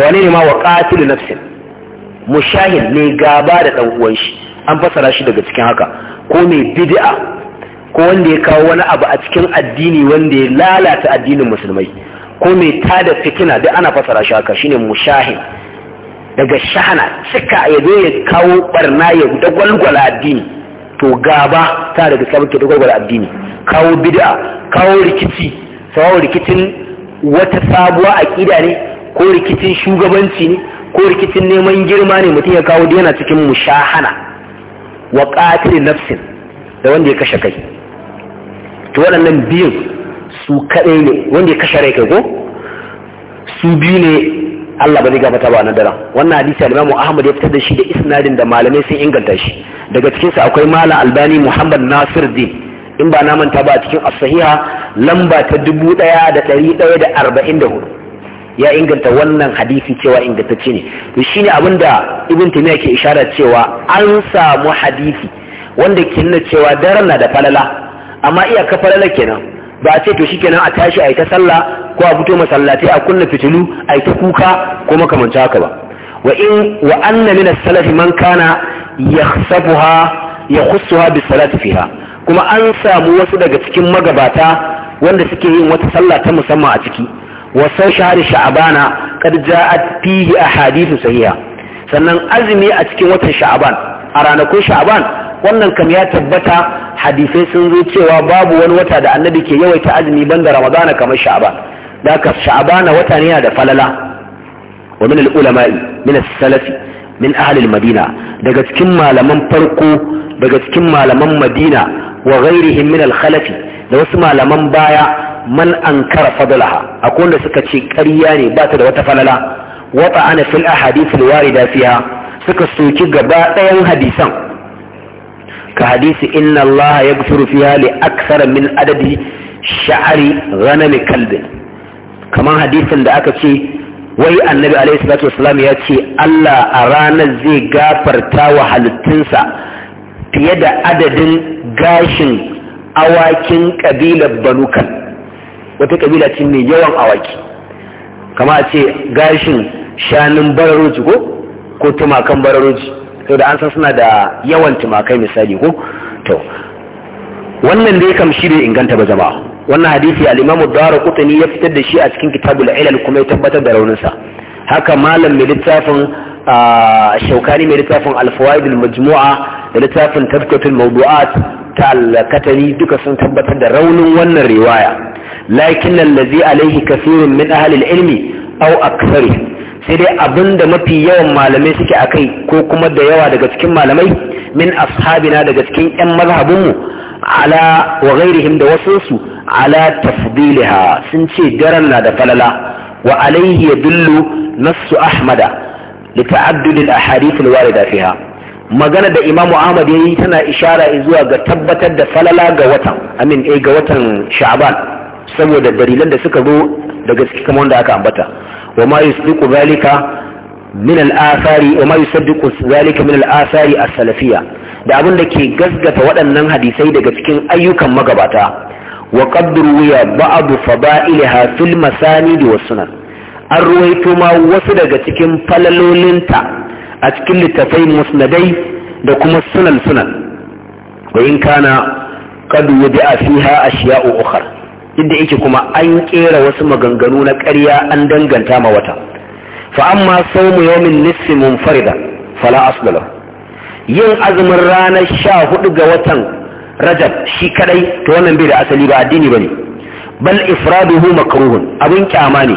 da wane ne ma wa na nafsin mushahin ne gaba da ɗanuwan shi an fasara shi daga cikin haka ko mai bid'a ko wanda ya kawo wani abu a cikin addini wanda ya lalata addinin musulmai ko mai tada fitina da ana fasara shi haka shi ne mushahin daga shahana cika ya zo ya kawo barna ya dagwalgwala addini to gaba ta daga sabon ke dagwalgwala addini kawo bid'a kawo rikici sawa rikicin wata sabuwa aƙida ne ko rikicin shugabanci ne ko rikicin neman girma ne mutum ya kawo yana cikin mushahana wa qatil nafsin da wanda ya kashe kai to waɗannan biyun su kaɗai ne wanda ya kashe rai kai ko su biyu ne Allah ba zai gafata ba na daren wannan hadisi al-Imam Ahmad ya fitar da shi da isnadin da malamai sun inganta shi daga cikin sa akwai Malam Albani Muhammad Nasir Din in ba na manta ba cikin as-sahiha lamba ta 1144 ya inganta wannan hadisi cewa ingantacce ne to shine abinda ibn taymiya ke ishara cewa an samu hadisi wanda ke nuna cewa daren na da falala amma iyaka falala kenan ba a ce to kenan a tashi a yi ta sallah ko a fito masallatai a kunna fitilu a yi ta kuka ko makamanta haka ba wa in wa anna min as-salaf man kana yakhsabuha yakhsuha bi salati fiha kuma an samu wasu daga cikin magabata wanda suke yin wata sallah ta musamman a ciki wasan shahari sha'abana kad ja'at fihi ahadithu sahiha sannan azumi a cikin watan sha'aban a ranakun sha'aban wannan kam ya tabbata hadisai sun zo cewa babu wani wata da annabi ke yawaita azumi banda ramadana kamar sha'aban da ka sha'abana wata ne yana da falala wa min al-ulama'i min as-salafi min ahli al-madina daga cikin malaman farko daga cikin malaman madina wa ghairihim min al-khalafi da wasu malaman baya man ankara fadlaha akwai wanda suka ce ƙarya ne ba ta da wata falala wata ana fil ahadith wari da fiha suka soki gaba ɗayan hadisan ka hadisi inna Allah yaghfiru fiha li akthara min adadi sha'ari ghanami kalbin kamar hadisin da aka ce wai annabi alaihi salatu wasalam ya ce Allah a ranar zai gafarta wa halittunsa fiye da adadin gashin awakin kabilar banukan wata kabila ce mai yawan awaki kama a ce gashin shanun bararoji ko ko tumakan bararoji sau da an san suna da yawan tumakai misali ko to wannan dai kam shi ne inganta ba jama'a wannan hadisi al-imamu dawar kutani ya fitar da shi a cikin kitabul ilal kuma ya tabbatar da rauninsa haka malam mai littafin shaukani mai littafin alfawaidul majmu'a da littafin tafkatul mawdu'at ta al-katani duka sun tabbatar da raunin wannan riwaya lakin allazi alaihi kasirun min ahlil ilmi au aksari sai dai abinda mafi yawan malamai suke a kai ko kuma da yawa daga cikin malamai min ashabina daga cikin yan mazhabinmu ala wa ghairihim da wasunsu ala tafdiliha sun ce daren na da falala wa alaihi yadullu nassu ahmada li ta'addud a ahadith ware warida fiha magana da imamu ahmad yi tana ishara zuwa ga tabbatar da falala ga watan amin eh ga watan sha'ban saboda dalilan da suka zo daga cikin kamar da aka ambata wa ma yusdiqu zalika min al-athari wa ma yusaddiqu zalika min al-athari as-salafiyya da abin da ke gasgata waɗannan hadisai daga cikin ayyukan magabata wa qad ruwiya ba'd fada'ilaha fil masanid wa sunan an ruwaito ma wasu daga cikin falalolinta a cikin littattafai musnadai da kuma sunan sunan wa in kana qad wudi'a fiha ashiya'u ukhra duk da yake kuma an kera wasu maganganu na ƙarya an danganta ma wata fa amma saumu yawmin nisfi munfarida fala asla yin azumin ranar sha hudu ga watan rajab shi kadai to wannan bai da asali ba addini bane bal ifraduhu makruhun abun kyama ne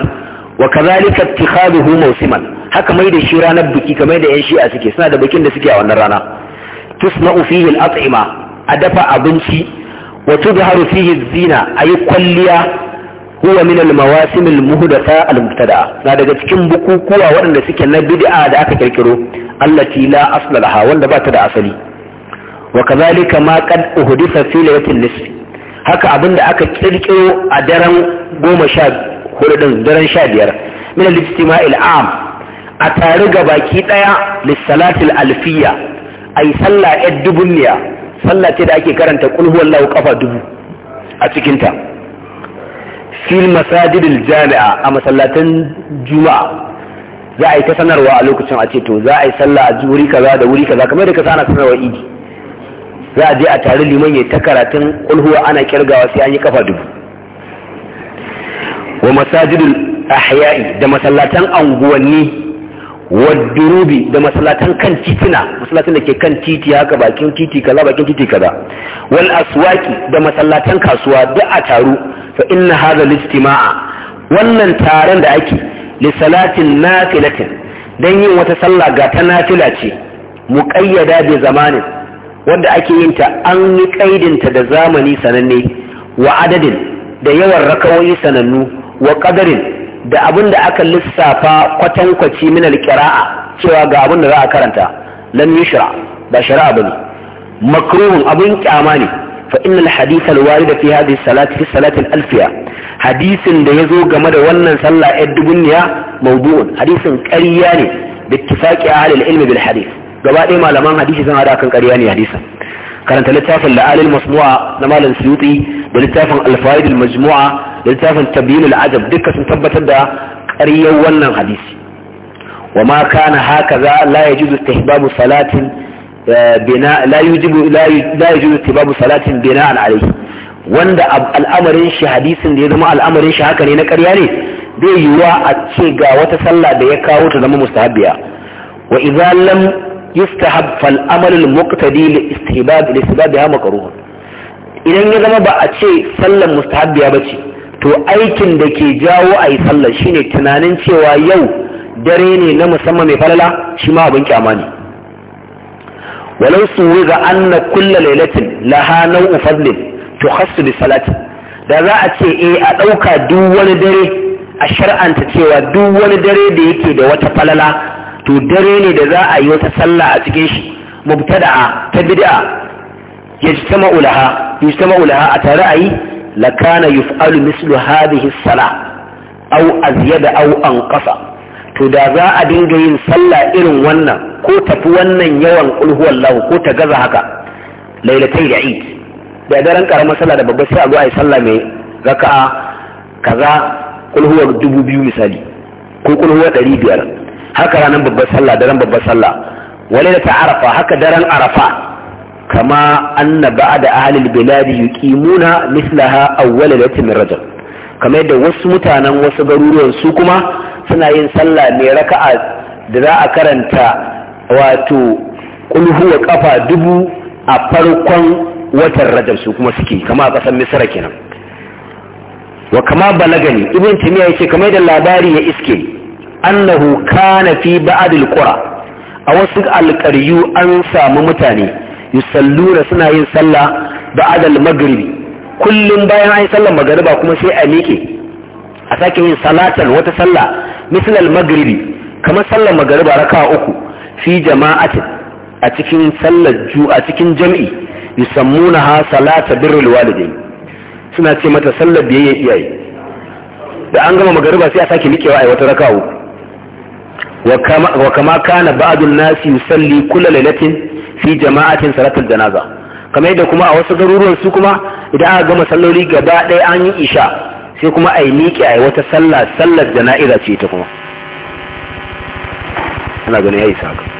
wa kadhalika ittikhaduhu mawsiman haka mai da shi ranar biki kamar da yan shi'a suke suna da bikin da suke a wannan rana tusna'u fihi al-at'ima a dafa abinci wa tuzharu fihi zina ayi kwalliya huwa min al-mawasim al-muhdatha na daga cikin bukukuwa waɗanda suke na bid'a da aka kirkiro allati la asla laha wanda da asali wa kadhalika ma qad uhdisa fi laylatin nisf haka abinda aka ƙirƙiro a daren goma sha hudu daren sha biyar min al-istima'il am a tare ga baki ɗaya, lissalatil alfiya Ai sallah ad-dubniya sallah ce da ake karanta kul huwallahu kafa dubu a cikinta. ta fil masajidil jami'a a masallatan juma'a za a yi ta sanarwa a lokacin a ce to za a yi sallah a wuri kaza da wuri kaza kamar da ka sana sanarwa idi za a je a tare liman ya ta karatun kulhuwa ana kirgawa sai an yi kafa dubu wa masajidul ahya'i da masallatan anguwanni wadurubi da masalatan kan titina masalatan da ke kan titi haka bakin titi kaza bakin titi kaza wal aswaki da masalatan kasuwa duk a taru fa inna hadha listima'a wannan taron da ake li salatin nafilatin dan yin wata sallah ga ta nafila ce muqayyada bi zamanin wanda ake yin ta an yi kaidin ta da zamani sananne wa adadin da yawan rakawoyi sanannu wa qadarin da abin da aka lissafa kwatankwaci min alqira'a cewa ga abin da za a karanta lan yushra ba shari'a bane makruhun abin kyama ne fa innal hadith alwarid fi hadhihi salati fi salati alfiya hadisin da yazo game da wannan sallah ɗaya dubunniya mawdu'un hadisin ƙarya ne da ittifaqi ahli alilm bil hadith gaba ɗaya malaman hadisi sun hada akan ƙarya ne hadisin karanta littafin la'alil masmu'a na malam suyuti da littafin alfaid majmu'a littafin tabiinul ajab duka sun tabbatar da ƙaryar wannan hadisi wa ma kana hakaza la yajuzu istihbabu salatin eh, bina la yujibu la yajuzu istihbabu salatin bina'an alayhi wanda al'amarin shi hadisin da ya zama al'amarin shi haka ne na ƙarya ne bai yiwuwa a ce ga wata sallah da ya kawo ta zama mustahabbiya wa idza lam yustahab fal amal al muqtadi li istihbab li istihbab makruh idan ya zama ba a ce sallan mustahabbiya bace to aikin da ke jawo a yi sallar shine tunanin cewa yau dare ne na musamman mai falala shi ma abin kyama ne walau su ga an na kulla lailatin laha nau'u fadlin to hasu bi da za a ce e a ɗauka duk wani dare a shar'anta cewa duk wani dare da yake da wata falala to dare ne da za a yi wata sallah a cikin shi mubtada'a ta bid'a ya ji ta ma'ulaha a tare a yi lakana yuf'alu mislu hadhihi as-salah aw azyada aw anqasa to da za a dinga yin sallah irin wannan ko tafi wannan yawan qul huwallahu ko ta gaza haka lailatai da eid da daren karamar sallah da babbar sai a zo a yi sallah mai raka'a kaza qul huwa dubu biyu misali ko qul huwa ɗari biyar haka ranar babbar sallah daren babbar sallah da ta arafa haka daren arafa kama anna ba'da ahlil biladi yuqimuna mislaha awwal lailatin min rajab kamar yadda wasu mutanen wasu garuruwan su kuma suna yin sallah mai raka'a da za a karanta wato kulhu ƙafa kafa dubu a farkon watan rajab su kuma suke kama a ƙasar misra kenan wa kama balagani ibn timiya yace kamar da labari ya iske annahu kana fi ba'd a wasu alƙaryu an samu mutane yusalluna suna yin sallah da adal maghribi kullum bayan an yi sallar magariba kuma sai a miƙe a sake yin salatan wata sallah misal al kamar sallar magariba raka uku fi jama'atin a cikin sallar ju'a cikin jami'i ha salata birrul walidain suna ce mata sallar biyayya iyaye da an gama magariba sai a sake miƙewa a wata raka uku wa kama kana ba'dun nasi yusalli kullu lailatin fi jama'atin salatul janaza kamar yadda kuma a wasu garuruwan su kuma idan aka gama salloli gaba ɗaya an yi isha sai kuma a yi miƙe a yi wata sallah sallar jana'iza ce ta kuma ana ganin ya isa haka